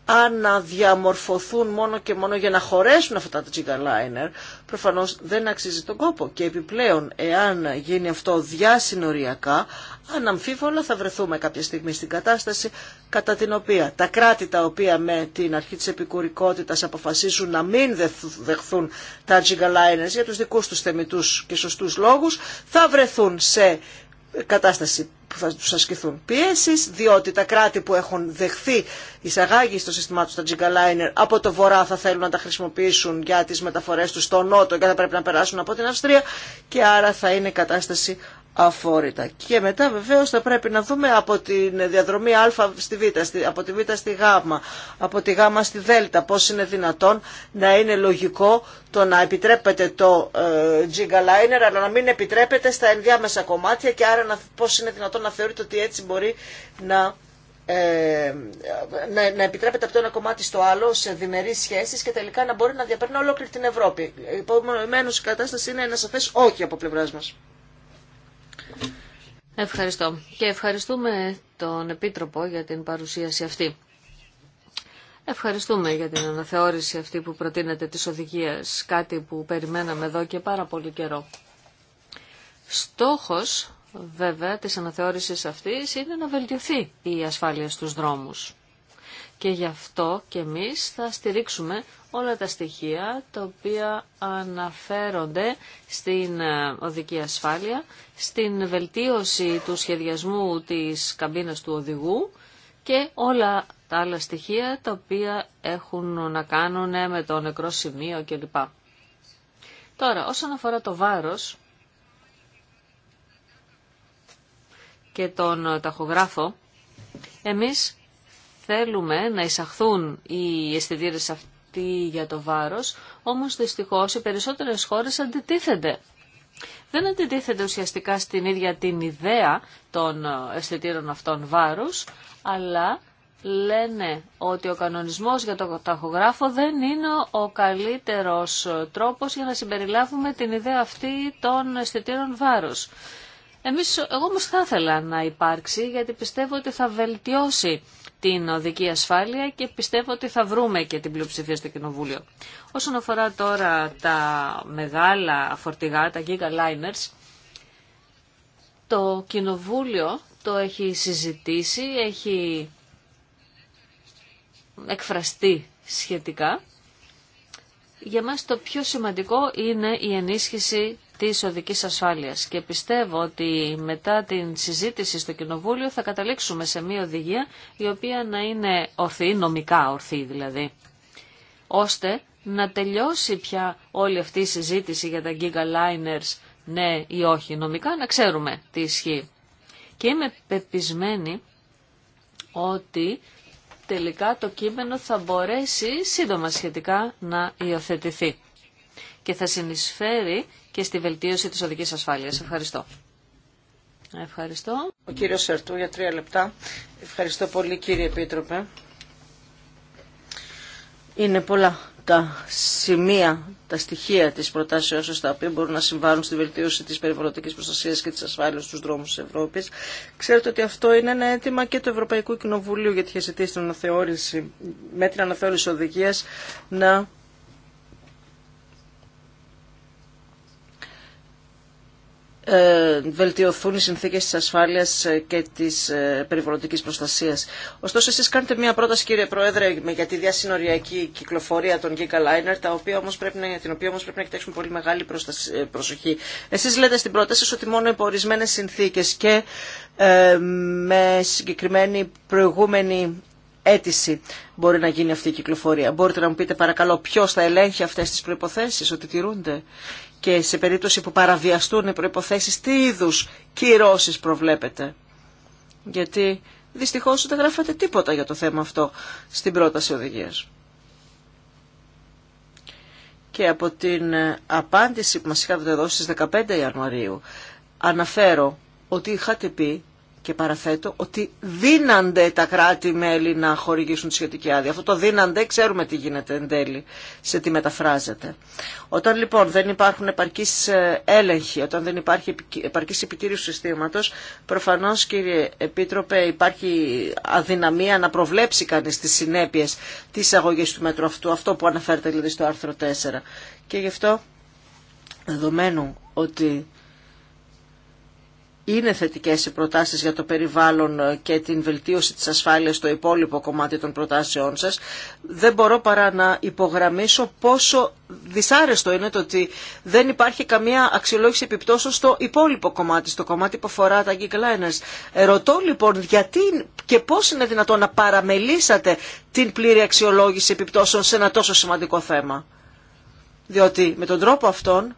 αναδιαμορφωθούν μόνο και μόνο για να χωρέσουν αυτά τα λάινερ. προφανώς δεν αξίζει τον κόπο. Και επιπλέον, εάν γίνει αυτό διασυνοριακά, αναμφίβολα θα βρεθούμε κάποια στιγμή στην κατάσταση κατά την οποία τα κράτη τα οποία με την αρχή της επικουρικότητας αποφασίσουν να μην δεχθούν τα τζιγκαλάινες για τους δικούς τους θεμητούς και σωστούς λόγους θα βρεθούν σε κατάσταση που θα τους ασκηθούν πιέσεις, διότι τα κράτη που έχουν δεχθεί εισαγάγει στο σύστημά τους τα τζιγκαλάινερ από το βορρά θα θέλουν να τα χρησιμοποιήσουν για τις μεταφορές τους στο νότο και θα πρέπει να περάσουν από την Αυστρία και άρα θα είναι κατάσταση αφόρητα. Και μετά βεβαίως θα πρέπει να δούμε από τη διαδρομή α στη β, από τη β στη γ, από τη γ στη δ, πώς είναι δυνατόν να είναι λογικό το να επιτρέπεται το ε, Liner, αλλά να μην επιτρέπεται στα ενδιάμεσα κομμάτια και άρα να, πώς είναι δυνατόν να θεωρείται ότι έτσι μπορεί να ε, να, να επιτρέπεται από το ένα κομμάτι στο άλλο σε διμερεί σχέσει και τελικά να μπορεί να διαπέρνει ολόκληρη την Ευρώπη. Επομένω, η κατάσταση είναι ένα σαφέ όχι από πλευρά μα. Ευχαριστώ. Και ευχαριστούμε τον Επίτροπο για την παρουσίαση αυτή. Ευχαριστούμε για την αναθεώρηση αυτή που προτείνεται της οδηγίας, κάτι που περιμέναμε εδώ και πάρα πολύ καιρό. Στόχος βέβαια της αναθεώρησης αυτής είναι να βελτιωθεί η ασφάλεια στους δρόμους. Και γι' αυτό και εμείς θα στηρίξουμε όλα τα στοιχεία τα οποία αναφέρονται στην ε, οδική ασφάλεια, στην βελτίωση του σχεδιασμού της καμπίνας του οδηγού και όλα τα άλλα στοιχεία τα οποία έχουν να κάνουν ε, με το νεκρό σημείο κλπ. Τώρα, όσον αφορά το βάρος και τον ταχογράφο, εμείς θέλουμε να εισαχθούν οι αισθητήρε αυτοί για το βάρος, όμως δυστυχώ οι περισσότερε χώρε αντιτίθενται. Δεν αντιτίθενται ουσιαστικά στην ίδια την ιδέα των αισθητήρων αυτών βάρους, αλλά λένε ότι ο κανονισμός για το ταχογράφο δεν είναι ο καλύτερος τρόπος για να συμπεριλάβουμε την ιδέα αυτή των αισθητήρων βάρους. Εμείς, εγώ όμως θα ήθελα να υπάρξει γιατί πιστεύω ότι θα βελτιώσει την οδική ασφάλεια και πιστεύω ότι θα βρούμε και την πλειοψηφία στο Κοινοβούλιο. Όσον αφορά τώρα τα μεγάλα φορτηγά, τα gigaliners, το Κοινοβούλιο το έχει συζητήσει, έχει εκφραστεί σχετικά. Για μας το πιο σημαντικό είναι η ενίσχυση της οδικής ασφάλειας και πιστεύω ότι μετά την συζήτηση στο Κοινοβούλιο θα καταλήξουμε σε μία οδηγία η οποία να είναι ορθή, νομικά ορθή δηλαδή, ώστε να τελειώσει πια όλη αυτή η συζήτηση για τα gigaliners ναι ή όχι νομικά, να ξέρουμε τι ισχύει. Και είμαι πεπισμένη ότι τελικά το κείμενο θα μπορέσει σύντομα σχετικά να υιοθετηθεί και θα συνεισφέρει και στη βελτίωση της οδικής ασφάλειας. Ευχαριστώ. Ευχαριστώ. Ο κύριος Σερτού για τρία λεπτά. Ευχαριστώ πολύ κύριε Επίτροπε. Είναι πολλά τα σημεία, τα στοιχεία της προτάσεως τα οποία μπορούν να συμβάλλουν στη βελτίωση της περιβαλλοντικής προστασία και της ασφάλειας στους δρόμους της Ευρώπης. Ξέρετε ότι αυτό είναι ένα αίτημα και του Ευρωπαϊκού Κοινοβουλίου, γιατί τη ζητήσει την αναθεώρηση, με την αναθεώρηση οδηγία να Ε, βελτιωθούν οι συνθήκες της ασφάλειας ε, και της ε, περιβαλλοντικής προστασίας. Ωστόσο, εσείς κάνετε μια πρόταση, κύριε Πρόεδρε, για τη διασυνοριακή κυκλοφορία των Giga Liner, τα όμως πρέπει την οποία όμως πρέπει να κοιτάξουμε πολύ μεγάλη προσοχή. Εσείς λέτε στην πρόταση ότι μόνο υπό ορισμένε συνθήκες και με συγκεκριμένη προηγούμενη αίτηση μπορεί να γίνει αυτή η κυκλοφορία. Μπορείτε να μου πείτε παρακαλώ ποιο θα ελέγχει αυτές τις προϋποθέσεις, ότι τηρούνται και σε περίπτωση που παραβιαστούν οι προϋποθέσεις τι είδους κυρώσεις προβλέπετε. Γιατί δυστυχώς δεν γράφετε τίποτα για το θέμα αυτό στην πρόταση οδηγίας. Και από την απάντηση που μας είχατε δώσει στις 15 Ιανουαρίου αναφέρω ότι είχατε πει και παραθέτω ότι δίνανται τα κράτη-μέλη να χορηγήσουν τη σχετική άδεια. Αυτό το δίνανται, ξέρουμε τι γίνεται εν τέλει, σε τι μεταφράζεται. Όταν λοιπόν δεν υπάρχουν επαρκείς ε, έλεγχοι, όταν δεν υπάρχει επαρκείς επιτήρηση του συστήματος, προφανώς κύριε Επίτροπε υπάρχει αδυναμία να προβλέψει κανείς τις συνέπειες τη αγωγή του μέτρου αυτού, αυτό που αναφέρεται δηλαδή στο άρθρο 4. Και γι' αυτό, δεδομένου ότι είναι θετικές οι προτάσεις για το περιβάλλον και την βελτίωση της ασφάλειας στο υπόλοιπο κομμάτι των προτάσεών σας, δεν μπορώ παρά να υπογραμμίσω πόσο δυσάρεστο είναι το ότι δεν υπάρχει καμία αξιολόγηση επιπτώσεων στο υπόλοιπο κομμάτι, στο κομμάτι που αφορά τα gig liners. Ρωτώ λοιπόν γιατί και πώς είναι δυνατόν να παραμελήσατε την πλήρη αξιολόγηση επιπτώσεων σε ένα τόσο σημαντικό θέμα. Διότι με τον τρόπο αυτόν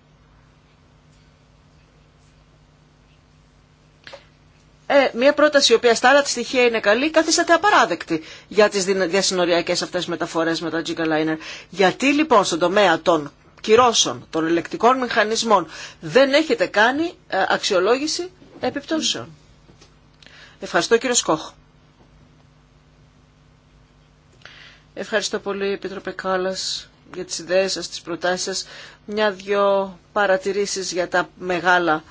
Ε, μια πρόταση η οποία στα άλλα στοιχεία είναι καλή καθίσταται απαράδεκτη για τις διασυνοριακέ αυτές μεταφορές με τα Giga Liner. Γιατί λοιπόν στον τομέα των κυρώσεων, των ελεκτικών μηχανισμών δεν έχετε κάνει ε, αξιολόγηση επιπτώσεων. Ευχαριστώ κύριο Σκόχ. Ευχαριστώ πολύ Επίτροπε Κάλλας για τις ιδέες σας, τις προτάσεις σας. Μια-δυο παρατηρήσεις για τα μεγάλα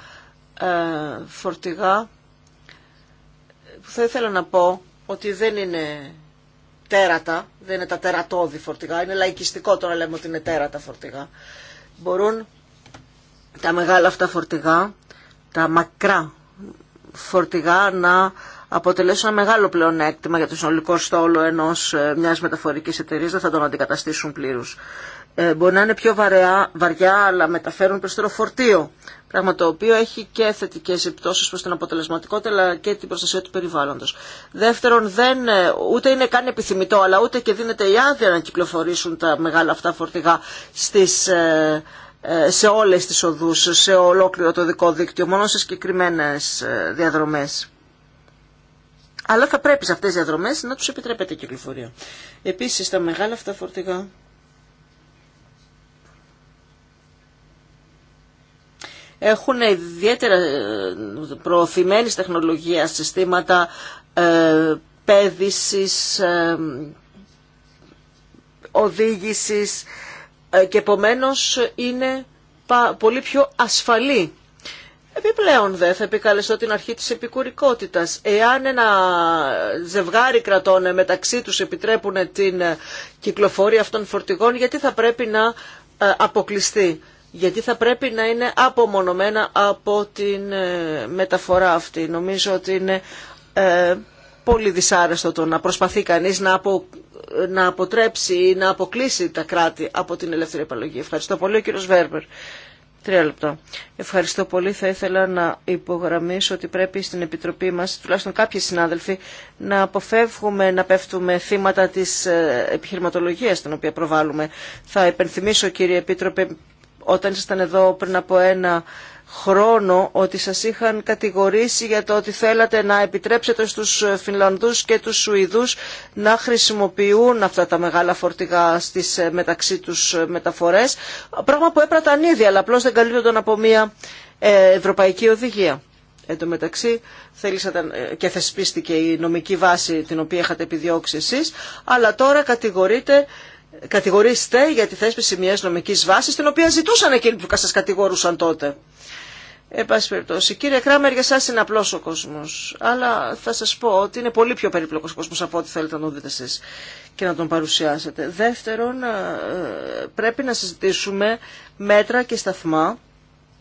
ε, φορτηγά θα ήθελα να πω ότι δεν είναι τέρατα, δεν είναι τα τερατώδη φορτηγά, είναι λαϊκιστικό τώρα να λέμε ότι είναι τέρατα φορτηγά. Μπορούν τα μεγάλα αυτά φορτηγά, τα μακρά φορτηγά να αποτελέσουν ένα μεγάλο πλεονέκτημα για το συνολικό στόλο ενός ε, μιας μεταφορικής εταιρείας, δεν θα τον αντικαταστήσουν πλήρους. Ε, μπορεί να είναι πιο βαρεά, βαριά, αλλά μεταφέρουν περισσότερο φορτίο Πράγμα το οποίο έχει και θετικέ επιπτώσει προ την αποτελεσματικότητα αλλά και την προστασία του περιβάλλοντο. Δεύτερον, δεν, ε, ούτε είναι καν επιθυμητό, αλλά ούτε και δίνεται η άδεια να κυκλοφορήσουν τα μεγάλα αυτά φορτηγά ε, ε, σε όλε τι οδού, σε ολόκληρο το δικό δίκτυο, μόνο σε συγκεκριμένε διαδρομέ. Αλλά θα πρέπει σε αυτέ τι διαδρομέ να του επιτρέπεται η κυκλοφορία. Επίση, τα μεγάλα αυτά φορτηγά έχουν ιδιαίτερα ε, προωθημένης τεχνολογίας συστήματα ε, πέδησης, ε, οδήγησης και επομένως είναι πολύ πιο ασφαλή. Επιπλέον δε θα επικαλεστώ την αρχή της επικουρικότητας. Εάν ένα ζευγάρι κρατών μεταξύ τους επιτρέπουν την κυκλοφορία αυτών φορτηγών, γιατί θα πρέπει να αποκλειστεί γιατί θα πρέπει να είναι απομονωμένα από την ε, μεταφορά αυτή. Νομίζω ότι είναι ε, πολύ δυσάρεστο το να προσπαθεί κανείς να, να αποτρέψει ή να αποκλείσει τα κράτη από την ελεύθερη επαλλαγή. Ευχαριστώ πολύ ο κύριος Βέρμπερ. Τρία λεπτά. Ευχαριστώ πολύ. Θα ήθελα να υπογραμμίσω ότι πρέπει στην Επιτροπή μας, τουλάχιστον κάποιοι συνάδελφοι, να αποφεύγουμε να πέφτουμε θύματα της ε, επιχειρηματολογίας την οποία προβάλλουμε. Θα υπενθυμίσω κύριε Επίτροπε όταν ήσασταν εδώ πριν από ένα χρόνο ότι σας είχαν κατηγορήσει για το ότι θέλατε να επιτρέψετε στους Φινλανδούς και τους Σουηδούς να χρησιμοποιούν αυτά τα μεγάλα φορτηγά στις ε, μεταξύ τους ε, μεταφορές, πράγμα που έπραταν ήδη, αλλά απλώς δεν καλύπτονταν από μια ε, ευρωπαϊκή οδηγία. Εν τω μεταξύ θέλησατε και θεσπίστηκε η νομική βάση την οποία είχατε επιδιώξει εσείς, αλλά τώρα κατηγορείτε κατηγορήσετε για τη θέσπιση μια νομική βάση την οποία ζητούσαν εκείνοι που σα κατηγορούσαν τότε. Εν πάση περιπτώσει, κύριε Κράμερ, για εσά είναι απλό ο κόσμο. Αλλά θα σα πω ότι είναι πολύ πιο περίπλοκο ο κόσμο από ό,τι θέλετε να τον δείτε εσεί και να τον παρουσιάσετε. Δεύτερον, ε, πρέπει να συζητήσουμε μέτρα και σταθμά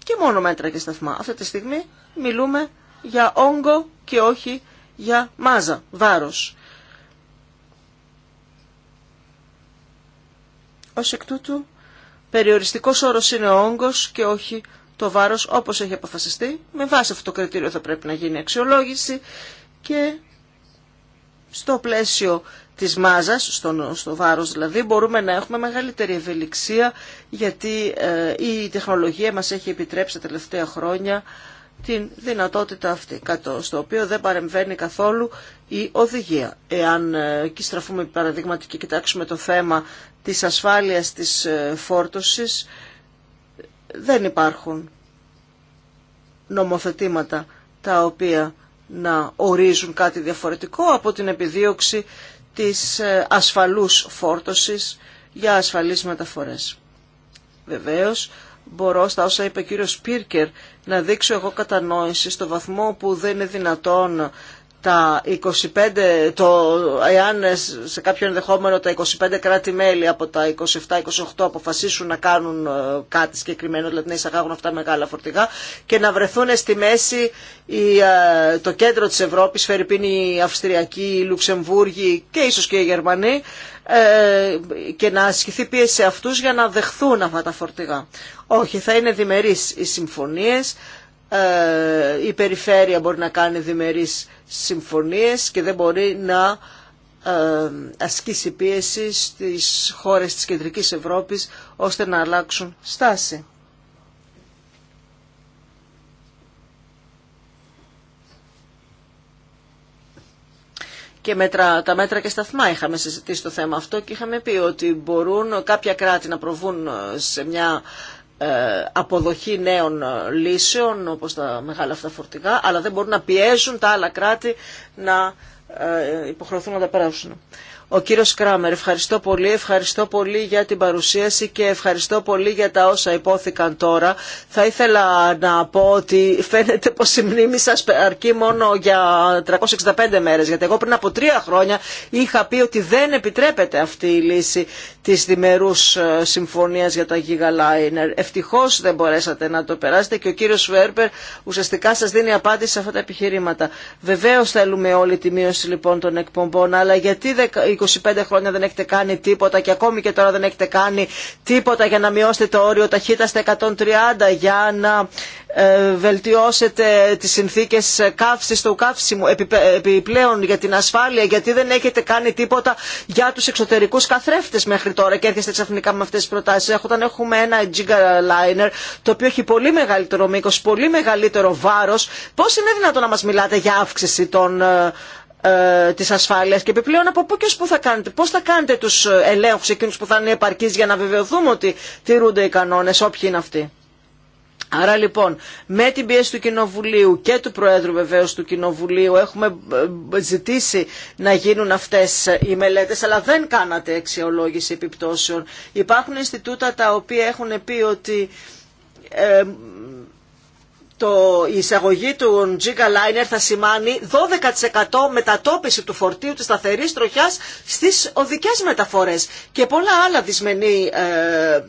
και μόνο μέτρα και σταθμά. Αυτή τη στιγμή μιλούμε για όγκο και όχι για μάζα, βάρος. Ως εκ τούτου, περιοριστικός όρος είναι ο όγκος και όχι το βάρος όπως έχει αποφασιστεί. Με βάση αυτό το κριτήριο θα πρέπει να γίνει αξιολόγηση και στο πλαίσιο της μάζας, στο, στο βάρος δηλαδή, μπορούμε να έχουμε μεγαλύτερη ευελιξία γιατί ε, η τεχνολογία μας έχει επιτρέψει τα τελευταία χρόνια την δυνατότητα αυτή, κάτω στο οποίο δεν παρεμβαίνει καθόλου η οδηγία. Εάν ε, εκεί στραφούμε παραδείγματι και κοιτάξουμε το θέμα της ασφάλειας της ε, φόρτωσης, δεν υπάρχουν νομοθετήματα τα οποία να ορίζουν κάτι διαφορετικό από την επιδίωξη της ε, ασφαλούς φόρτωσης για ασφαλείς μεταφορές. Βεβαίως, μπορώ στα όσα είπε ο κύριος Πίρκερ να δείξω εγώ κατανόηση στο βαθμό που δεν είναι δυνατόν τα 25, το, εάν σε κάποιο ενδεχόμενο τα 25 κράτη-μέλη από τα 27-28 αποφασίσουν να κάνουν ε, κάτι συγκεκριμένο, δηλαδή να εισαγάγουν αυτά μεγάλα φορτηγά και να βρεθούν στη μέση η, ε, το κέντρο της Ευρώπης, Φερρυπίνη, Αυστριακή, Λουξεμβούργη και ίσως και οι Γερμανοί ε, και να ασκηθεί πίεση σε αυτούς για να δεχθούν αυτά τα φορτηγά. Όχι, θα είναι διμερείς οι συμφωνίες, η περιφέρεια μπορεί να κάνει διμερείς συμφωνίες και δεν μπορεί να ε, ασκήσει πίεση στις χώρες της κεντρικής Ευρώπης ώστε να αλλάξουν στάση. και μέτρα, τα μέτρα και σταθμά είχαμε συζητήσει το θέμα αυτό και είχαμε πει ότι μπορούν κάποια κράτη να προβούν ε, σε μια ε, αποδοχή νέων ε, λύσεων όπως τα μεγάλα αυτά φορτηγά αλλά δεν μπορούν να πιέζουν τα άλλα κράτη να ε, υποχρεωθούν να τα περάσουν. Ο κύριος Κράμερ, ευχαριστώ πολύ, ευχαριστώ πολύ για την παρουσίαση και ευχαριστώ πολύ για τα όσα υπόθηκαν τώρα. Θα ήθελα να πω ότι φαίνεται πως η μνήμη σας αρκεί μόνο για 365 μέρες, γιατί εγώ πριν από τρία χρόνια είχα πει ότι δεν επιτρέπεται αυτή η λύση της διμερούς ε, συμφωνίας για τα γιγαλάινερ. Ευτυχώς δεν μπορέσατε να το περάσετε και ο κύριος Βέρπερ ουσιαστικά σας δίνει απάντηση σε αυτά τα επιχειρήματα. Βεβαίως θέλουμε όλη τη μείωση λοιπόν των εκπομπών, αλλά γιατί 25 χρόνια δεν έχετε κάνει τίποτα και ακόμη και τώρα δεν έχετε κάνει τίποτα για να μειώσετε το όριο ταχύτητα στα 130 για να ε, βελτιώσετε τις συνθήκες καύσης του καύσιμου ε, επιπλέον για την ασφάλεια γιατί δεν έχετε κάνει τίποτα για τους εξωτερικούς καθρέφτες μέχρι τώρα και έρχεστε ξαφνικά με αυτές τις προτάσεις. Όταν έχουμε ένα gigaliner το οποίο έχει πολύ μεγαλύτερο μήκος, πολύ μεγαλύτερο βάρος πώς είναι δυνατόν να μας μιλάτε για αύξηση των ε, ε, της ασφάλειας και επιπλέον από πού και που θα είναι επαρκείς για να βεβαιωθούμε ότι τηρούνται οι κανόνες, όποιοι είναι αυτοί. Άρα λοιπόν, με την πίεση του Κοινοβουλίου και του Προέδρου βεβαίω του Κοινοβουλίου έχουμε ε, ε, ζητήσει να γίνουν αυτέ ε, οι μελέτε, αλλά δεν κάνατε αξιολόγηση επιπτώσεων. Υπάρχουν Ινστιτούτα τα οποία έχουν πει ότι το, η εισαγωγή του Giga Liner θα σημάνει 12% μετατόπιση του φορτίου της σταθερής τροχιάς στις οδικές μεταφορές και πολλά άλλα δυσμενή ε, ε,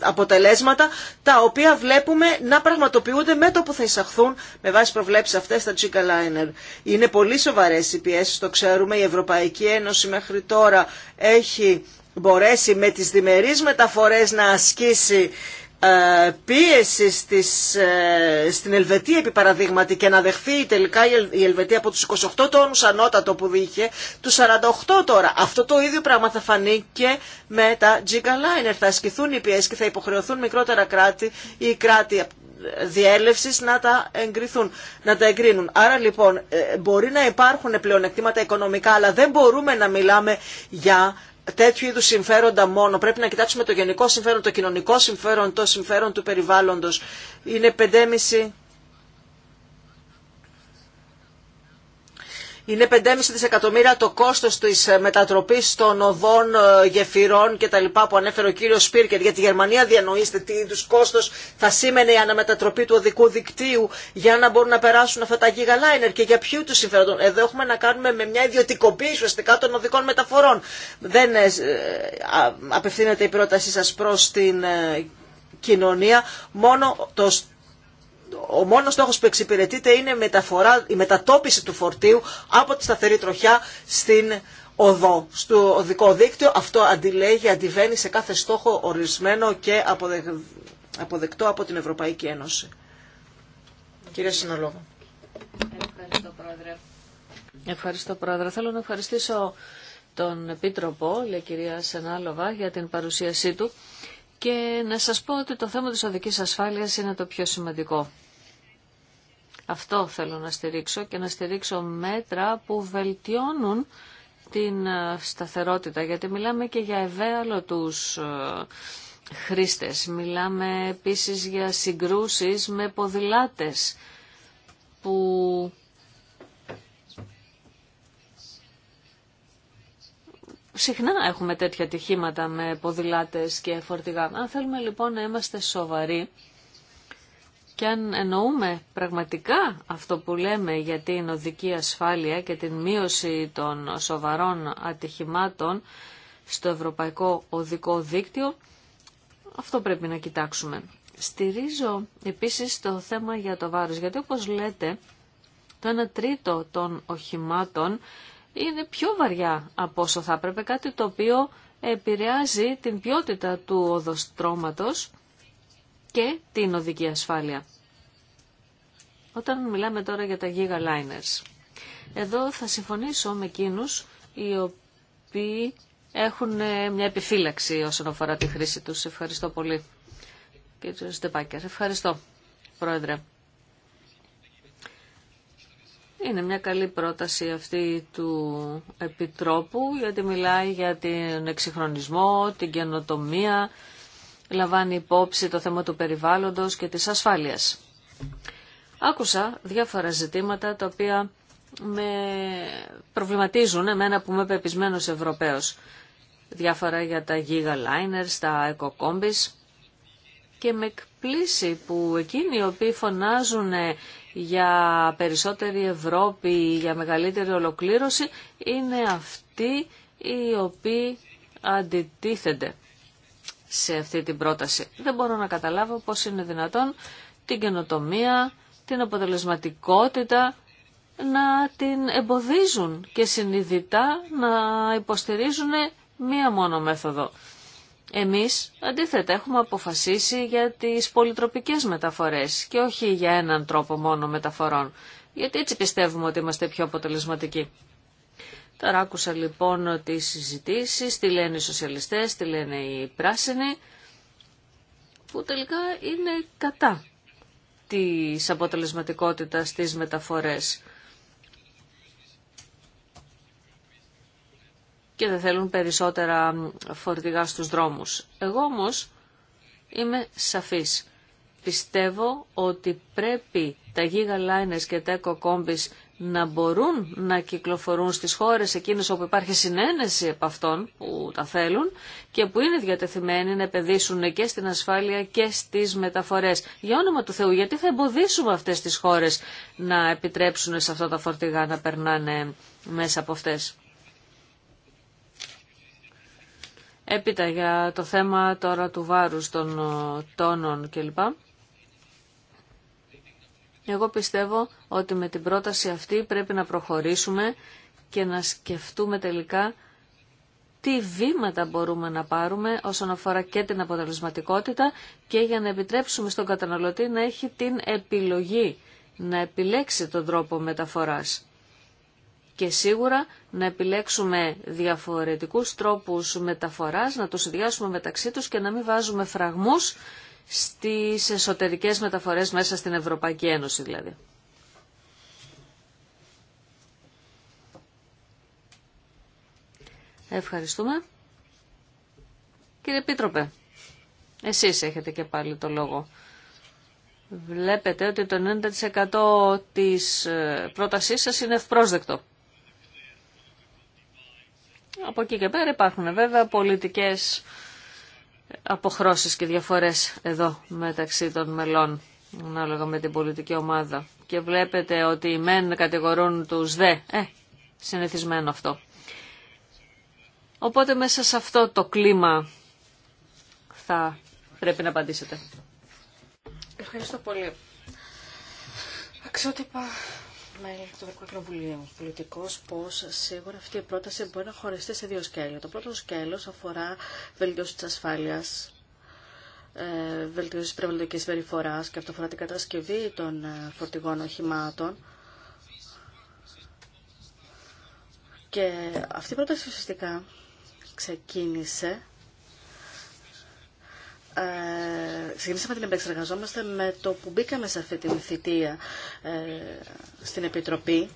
αποτελέσματα τα οποία βλέπουμε να πραγματοποιούνται με το που θα εισαχθούν με βάση προβλέψεις αυτές τα Giga Liner. Είναι πολύ σοβαρές οι πιέσεις, το ξέρουμε, η Ευρωπαϊκή Ένωση μέχρι τώρα έχει μπορέσει με τις διμερείς μεταφορές να ασκήσει ε, πίεση στις, ε, στην Ελβετία επί παραδείγματι και να δεχθεί τελικά η Ελβετία από τους 28 τόνους ανώτατο που είχε τους 48 τώρα. Αυτό το ίδιο πράγμα θα φανεί και με τα Giga Liner. Θα ασκηθούν οι πιέσεις και θα υποχρεωθούν μικρότερα κράτη ή κράτη διέλευση να τα εγκριθούν, να τα εγκρίνουν. Άρα λοιπόν ε, μπορεί να υπάρχουν πλεονεκτήματα οικονομικά, αλλά δεν μπορούμε να μιλάμε για τέτοιου είδους συμφέροντα μόνο. Πρέπει να κοιτάξουμε το γενικό συμφέρον, το κοινωνικό συμφέρον, το συμφέρον του περιβάλλοντος. Είναι 5,5 Είναι 5,5 δισεκατομμύρια το κόστος τη ε, μετατροπής των οδών, ε, γεφυρών κτλ. που ανέφερε ο κύριος Σπίρκερ. Για τη Γερμανία διανοείστε τι είδου κόστος θα σήμαινε η αναμετατροπή του οδικού δικτύου για να μπορούν να περάσουν αυτά τα γίγα λάινερ και για ποιου του συμφέροντων. Εδώ έχουμε να κάνουμε με μια ιδιωτικοποίηση ουσιαστικά των οδικών μεταφορών. Δεν ε, απευθύνεται η πρότασή σα προ την κοινωνία, μόνο το ο μόνος στόχος που εξυπηρετείται είναι η, μεταφορά, η μετατόπιση του φορτίου από τη σταθερή τροχιά στην οδό, στο οδικό δίκτυο. Αυτό αντιλέγει, αντιβαίνει σε κάθε στόχο ορισμένο και αποδεκτό από την Ευρωπαϊκή Ένωση. Κυρία Συναλόβα. Ευχαριστώ, Πρόεδρε. Ευχαριστώ, Πρόεδρε. Θέλω να ευχαριστήσω τον Επίτροπο, λέει κυρία Σενάλοβα, για την παρουσίασή του και να σας πω ότι το θέμα της οδικής ασφάλειας είναι το πιο σημαντικό. Αυτό θέλω να στηρίξω και να στηρίξω μέτρα που βελτιώνουν την ε, σταθερότητα, γιατί μιλάμε και για τους ε, χρήστες. Μιλάμε επίσης για συγκρούσεις με ποδηλάτες που συχνά έχουμε τέτοια ατυχήματα με ποδηλάτες και φορτηγά. Αν θέλουμε λοιπόν να είμαστε σοβαροί και αν εννοούμε πραγματικά αυτό που λέμε για την οδική ασφάλεια και την μείωση των σοβαρών ατυχημάτων στο Ευρωπαϊκό Οδικό Δίκτυο, αυτό πρέπει να κοιτάξουμε. Στηρίζω επίσης το θέμα για το βάρος, γιατί όπως λέτε, το 1 τρίτο των οχημάτων είναι πιο βαριά από όσο θα έπρεπε, κάτι το οποίο επηρεάζει την ποιότητα του οδοστρώματος και την οδική ασφάλεια. Όταν μιλάμε τώρα για τα Giga εδώ θα συμφωνήσω με εκείνους οι οποίοι έχουν μια επιφύλαξη όσον αφορά τη χρήση τους. Ευχαριστώ πολύ. Κύριε Στεπάκερ, ευχαριστώ, Πρόεδρε. Είναι μια καλή πρόταση αυτή του Επιτρόπου γιατί μιλάει για τον εξυγχρονισμό, την καινοτομία, λαμβάνει υπόψη το θέμα του περιβάλλοντος και της ασφάλειας. Άκουσα διάφορα ζητήματα τα οποία με προβληματίζουν εμένα που είμαι πεπισμένος Ευρωπαίος. Διάφορα για τα Giga Liners, τα Eco και με εκπλήσει που εκείνοι οι οποίοι φωνάζουν για περισσότερη Ευρώπη, για μεγαλύτερη ολοκλήρωση, είναι αυτοί οι οποίοι αντιτίθενται σε αυτή την πρόταση. Δεν μπορώ να καταλάβω πώς είναι δυνατόν την καινοτομία, την αποτελεσματικότητα να την εμποδίζουν και συνειδητά να υποστηρίζουν μία μόνο μέθοδο. Εμείς, αντίθετα, έχουμε αποφασίσει για τις πολυτροπικές μεταφορές και όχι για έναν τρόπο μόνο μεταφορών, γιατί έτσι πιστεύουμε ότι είμαστε πιο αποτελεσματικοί. Τώρα άκουσα λοιπόν τις συζητήσεις, τι λένε οι σοσιαλιστές, τι λένε οι πράσινοι, που τελικά είναι κατά της αποτελεσματικότητας της μεταφορές. και δεν θέλουν περισσότερα φορτηγά στους δρόμους. Εγώ όμως είμαι σαφής. Πιστεύω ότι πρέπει τα γίγα και τα Combis να μπορούν να κυκλοφορούν στις χώρες εκείνες όπου υπάρχει συνένεση από αυτών που τα θέλουν και που είναι διατεθειμένοι να επενδύσουν και στην ασφάλεια και στις μεταφορές. Για όνομα του Θεού, γιατί θα εμποδίσουμε αυτές τις χώρες να επιτρέψουν σε αυτά τα φορτηγά να περνάνε μέσα από αυτές. Έπειτα για το θέμα τώρα του βάρους των ε, τόνων κλπ. Εγώ πιστεύω ότι με την πρόταση αυτή πρέπει να προχωρήσουμε και να σκεφτούμε τελικά τι βήματα μπορούμε να πάρουμε όσον αφορά και την αποτελεσματικότητα και για να επιτρέψουμε στον καταναλωτή να έχει την επιλογή, να επιλέξει τον τρόπο μεταφοράς και σίγουρα να επιλέξουμε διαφορετικούς τρόπους μεταφοράς, να το συνδυάσουμε μεταξύ τους και να μην βάζουμε φραγμούς στις εσωτερικές μεταφορές μέσα στην Ευρωπαϊκή Ένωση δηλαδή. Ευχαριστούμε. Κύριε Πίτροπε, εσείς έχετε και πάλι το λόγο. Βλέπετε ότι το 90% της ε, πρότασής σας είναι ευπρόσδεκτο. Από εκεί και πέρα υπάρχουν βέβαια πολιτικές αποχρώσεις και διαφορές εδώ μεταξύ των μελών ανάλογα με την πολιτική ομάδα. Και βλέπετε ότι οι μεν κατηγορούν τους δε. Ε, συνηθισμένο αυτό. Οπότε μέσα σε αυτό το κλίμα θα πρέπει να απαντήσετε. Ευχαριστώ πολύ. Αξιότυπα με του Ευρωπαϊκού Κοινοβουλίου, πολιτικό, πώ σίγουρα αυτή η πρόταση μπορεί να χωριστεί σε δύο σκέλη. Το πρώτο σκέλο αφορά βελτίωση τη ασφάλεια, ε, βελτίωση τη περιβαλλοντική περιφορά και αυτό αφορά την κατασκευή των ε, φορτηγών οχημάτων. Και αυτή η πρόταση ουσιαστικά ξεκίνησε ε, ξεκινήσαμε την επεξεργαζόμαστε με το που μπήκαμε σε αυτή την θητεία ε, στην Επιτροπή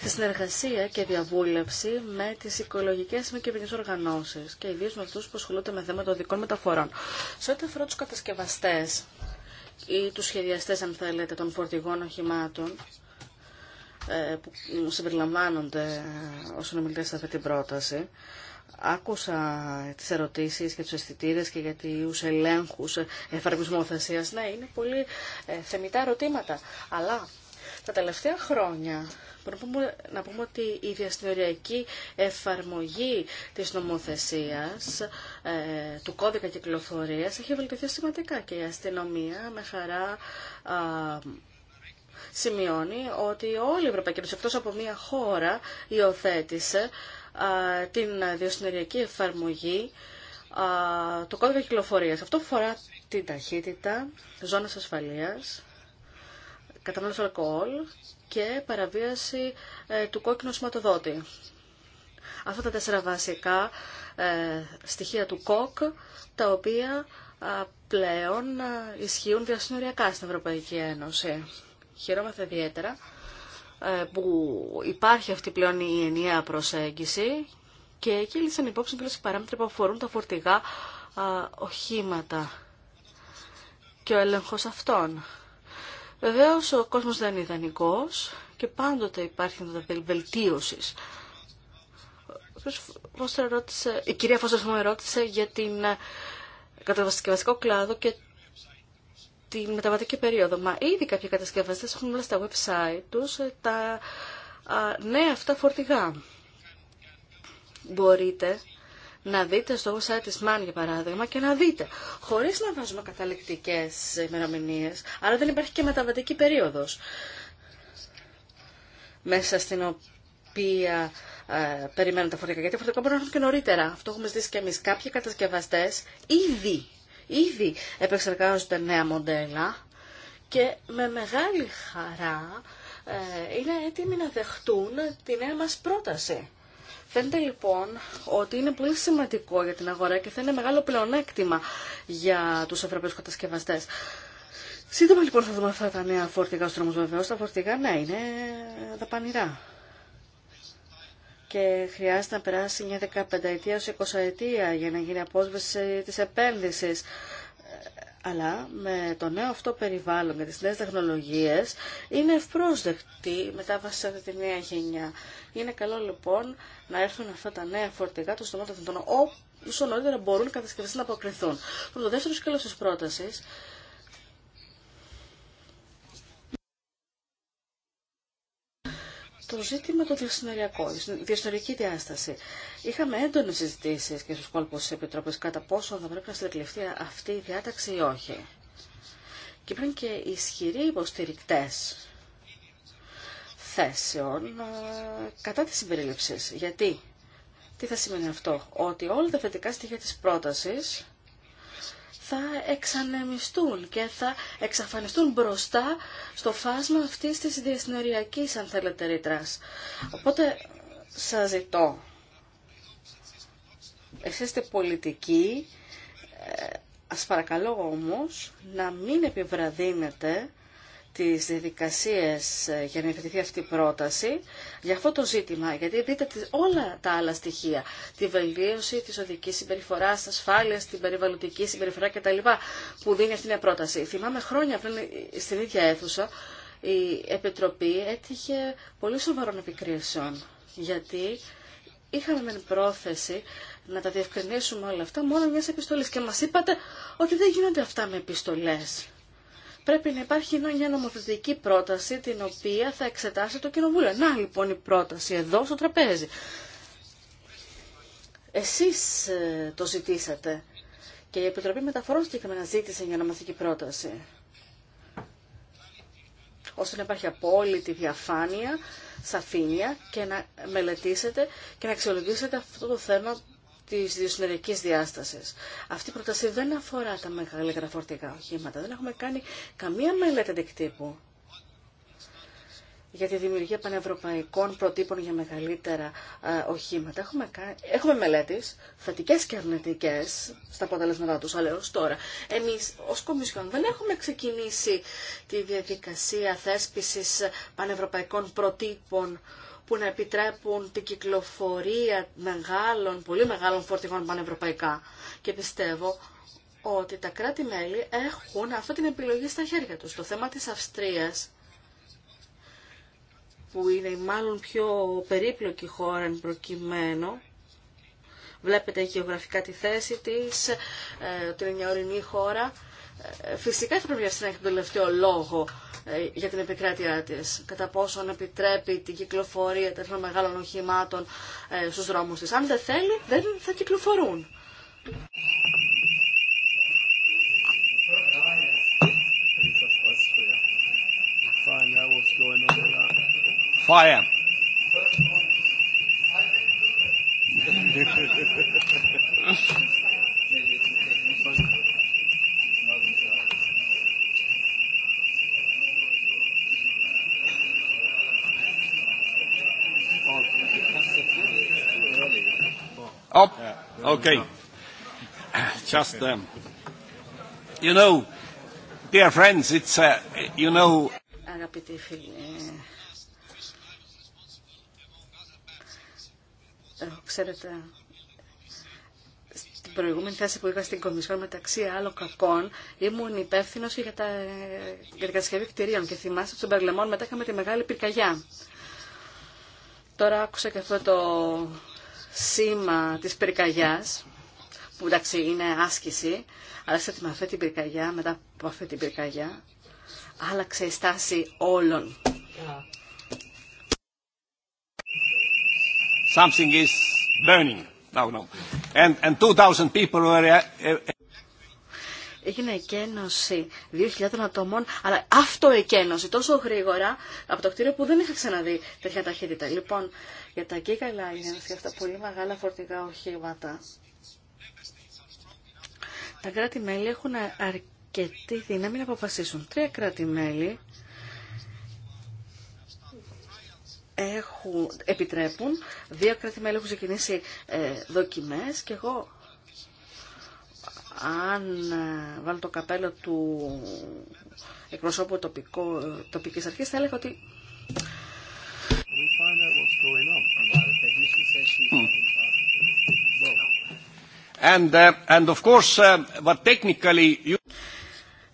στη συνεργασία και διαβούλευση με τι οικολογικέ με κυβερνητικέ οργανώσει και ιδίω με αυτού που ασχολούνται με θέματα οδικών μεταφορών. Σε ό,τι αφορά του κατασκευαστέ ή του σχεδιαστέ, αν θέλετε, των φορτηγών οχημάτων ε, που συμπεριλαμβάνονται ω συνομιλητέ σε αυτή την πρόταση, Άκουσα τις ερωτήσεις και τους αισθητήρε και για τους ελέγχους νομοθεσίας. Ναι, είναι πολύ ε, θεμητά ερωτήματα. Αλλά τα τελευταία χρόνια μπορούμε να πούμε ότι η διαστηριακή εφαρμογή της νομοθεσίας ε, του κώδικα κυκλοφορίας έχει βελτιωθεί σημαντικά και η αστυνομία με χαρά σημειώνει ότι όλη η Ευρωπαϊκή Ένωση από μία χώρα υιοθέτησε την διοσυνεριακή εφαρμογή του κώδικα κυκλοφορίας. Αυτό φορά την ταχύτητα, ζώνες ασφαλείας, κατανάλωση αλκοόλ και παραβίαση ε, του κόκκινου σηματοδότη. Αυτά τα τέσσερα βασικά ε, στοιχεία του ΚΟΚ, τα οποία πλέον ισχύουν διασυνοριακά στην Ευρωπαϊκή Ένωση. Χαιρόμαστε ιδιαίτερα ε, που υπάρχει αυτή πλέον η ενιαία προσέγγιση και εκεί λύσαν υπόψη πλέον οι παράμετροι που αφορούν τα φορτηγά οχήματα και ο έλεγχος αυτών. Βεβαίω ο κόσμος δεν είναι ιδανικός και πάντοτε υπάρχει τα η κυρία Φώστα μου ρώτησε για την ε, κατασκευαστικό κλάδο και τη μεταβατική περίοδο. Μα ήδη κάποιοι κατασκευαστές έχουν όλα στα website τους ε, τα νέα ναι, αυτά φορτηγά. Μπορείτε να δείτε στο website της ΜΑΝ για παράδειγμα και να δείτε, χωρίς να βάζουμε καταληκτικές ημερομηνίε, αλλά δεν υπάρχει και μεταβατική περίοδος μέσα στην οποία ε, περιμένουν τα φορτηγά. Γιατί τα φορτηγά μπορούν να έρθουν και νωρίτερα. Αυτό έχουμε ζητήσει και εμεί. Κάποιοι κατασκευαστέ ήδη ήδη επεξεργάζονται νέα μοντέλα και με μεγάλη χαρά ε, είναι έτοιμοι να δεχτούν τη νέα μας πρόταση. Φαίνεται λοιπόν ότι είναι πολύ σημαντικό για την αγορά και θα είναι μεγάλο πλεονέκτημα για τους ευρωπαίους κατασκευαστές. Σύντομα λοιπόν θα δούμε αυτά τα νέα φορτηγά στους δρόμους βεβαίως. Τα φορτηγά ναι είναι δαπανηρά και χρειάζεται να περάσει μια 15 ετία ως 20 ετία για να γίνει απόσβεση της επένδυσης. Αλλά με το νέο αυτό περιβάλλον και τις νέες τεχνολογίες είναι ευπρόσδεκτη μετά μετάβαση σε αυτή τη νέα γενιά. Είναι καλό λοιπόν να έρθουν αυτά τα νέα φορτηγά των στομάτων των όσο νωρίτερα μπορούν να να αποκριθούν. Το δεύτερο σκέλος της πρότασης το ζήτημα το διασυνοριακό, η διασυνοριακή διάσταση. Είχαμε έντονε συζητήσει και στου κόλπου τη Επιτροπή κατά πόσο θα πρέπει να συμπεριληφθεί αυτή η διάταξη ή όχι. Και υπήρχαν και ισχυροί υποστηρικτέ θέσεων ε, κατά τη συμπερίληψη. Γιατί, τι θα σημαίνει αυτό, ότι όλα τα θετικά στοιχεία τη πρόταση θα εξανεμιστούν και θα εξαφανιστούν μπροστά στο φάσμα αυτής της διασυνοριακής, αν θέλετε, ρήτρας. Οπότε, σας ζητώ, εσείς είστε πολιτικοί, ε, ας παρακαλώ όμως να μην επιβραδύνετε τις διαδικασίες ε, για να υιοθετηθεί αυτή η πρόταση για αυτό το ζήτημα, γιατί δείτε όλα τα άλλα στοιχεία, τη βελτίωση της οδικής συμπεριφοράς, της ασφάλειας, την περιβαλλοντική συμπεριφορά κτλ. που δίνει αυτή η πρόταση. Θυμάμαι χρόνια πριν στην ίδια αίθουσα η Επιτροπή έτυχε πολύ σοβαρών επικρίσεων, γιατί είχαμε την πρόθεση να τα διευκρινίσουμε όλα αυτά μόνο μια επιστολή και μας είπατε ότι δεν γίνονται αυτά με επιστολές πρέπει να υπάρχει μια νομοθετική πρόταση την οποία θα εξετάσει το Κοινοβούλιο. Να λοιπόν η πρόταση εδώ στο τραπέζι. Εσείς ε, το ζητήσατε και η Επιτροπή Μεταφορών να ζήτησε μια νομοθετική πρόταση ώστε να υπάρχει απόλυτη διαφάνεια, σαφήνεια και να μελετήσετε και να αξιολογήσετε αυτό το θέμα Τη διοσυνεργική διάσταση. Αυτή η πρόταση δεν αφορά τα μεγάλα φορτηγά οχήματα. Δεν έχουμε κάνει καμία μελέτη αντικτύπου για τη δημιουργία πανευρωπαϊκών προτύπων για μεγαλύτερα ε, οχήματα. Έχουμε, κα... έχουμε μελέτες, θετικές και αρνητικέ στα αποτελέσματά του αλλά έω τώρα. Εμείς ως Κομισιόν δεν έχουμε ξεκινήσει τη διαδικασία θέσπισης πανευρωπαϊκών προτύπων που να επιτρέπουν την κυκλοφορία μεγάλων, πολύ μεγάλων φορτηγών πανευρωπαϊκά. Και πιστεύω ότι τα κράτη-μέλη έχουν αυτή την επιλογή στα χέρια τους. Το θέμα της Αυστρίας, που είναι η μάλλον πιο περίπλοκη χώρα εν προκειμένου, βλέπετε γεωγραφικά τη θέση της, ε, ότι είναι μια ορεινή χώρα, ε, φυσικά θα πρέπει να έχει τον τελευταίο λόγο ε, για την επικράτειά τη. Κατά πόσον επιτρέπει την κυκλοφορία τέτοιων μεγάλων οχημάτων ε, στους δρόμους της. Αν δεν θέλει, δεν θα κυκλοφορούν. Okay. Just, um, you know, dear friends, it's, uh, you know... Αγαπητοί φίλοι, ε, ξέρετε, στην προηγούμενη θέση που είχα στην Κομισιόν μεταξύ άλλων κακών, ήμουν υπεύθυνο για, τα, για την κατασκευή κτηρίων και θυμάστε στον Περλεμόν μετά είχαμε τη μεγάλη πυρκαγιά. Τώρα άκουσα και αυτό το σήμα της πυρκαγιάς, που εντάξει είναι άσκηση, αλλά σε με αυτή την πυρκαγιά, μετά από αυτή την πυρκαγιά, άλλαξε η στάση όλων. Something is burning. No, no. And, and 2,000 people were... Uh, uh, Έγινε εκένωση 2.000 ατομών, αλλά αυτοεκένωση τόσο γρήγορα από το κτίριο που δεν είχα ξαναδεί τέτοια ταχύτητα. Λοιπόν, για τα giga liners, για τα πολύ μεγάλα φορτηγά οχήματα. Τα κράτη-μέλη έχουν αρκετή δύναμη να αποφασίσουν. Τρία κράτη-μέλη έχουν, επιτρέπουν, δύο κράτη-μέλη έχουν ξεκινήσει ε, δοκιμές και εγώ αν ε, βάλω το καπέλο του εκπροσώπου τοπικό, ε, τοπικής αρχής θα έλεγα ότι Και mm. uh, uh,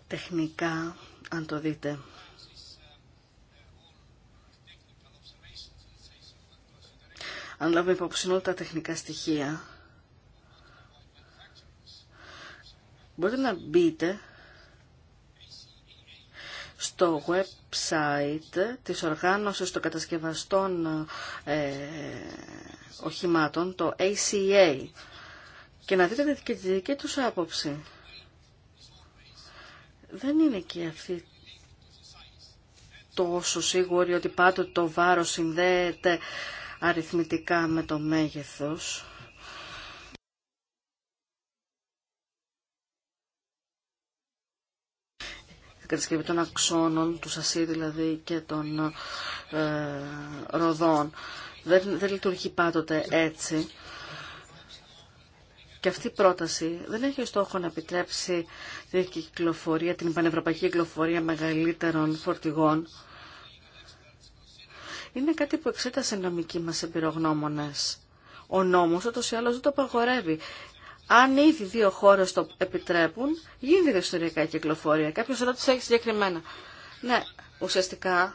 Τεχνικά, αν το δείτε, αν λάβουμε υπόψη όλα τα τεχνικά στοιχεία, μπορείτε να μπείτε στο website της οργάνωσης των κατασκευαστών ε, οχημάτων, το ACA, και να δείτε και τη δική τους άποψη. Δεν είναι και αυτή τόσο σίγουροι ότι πάντοτε το βάρος συνδέεται αριθμητικά με το μέγεθος. κατασκευή των αξώνων, του σασί δηλαδή και των ε, ροδών. Δεν, δεν λειτουργεί πάντοτε έτσι. Και αυτή η πρόταση δεν έχει στόχο να επιτρέψει την κυκλοφορία, την πανευρωπαϊκή κυκλοφορία μεγαλύτερων φορτηγών. Είναι κάτι που εξέτασε νομικοί μας εμπειρογνώμονες. Ο νόμος, ότως ή άλλως, δεν το απαγορεύει αν ήδη δύο χώρε το επιτρέπουν, γίνεται η κυκλοφορία. Κάποιο ρώτησε έχει συγκεκριμένα. Ναι, ουσιαστικά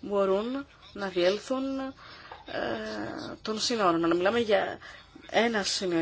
μπορούν να διέλθουν ε, των σύνορων. Να μιλάμε για ένα σημείο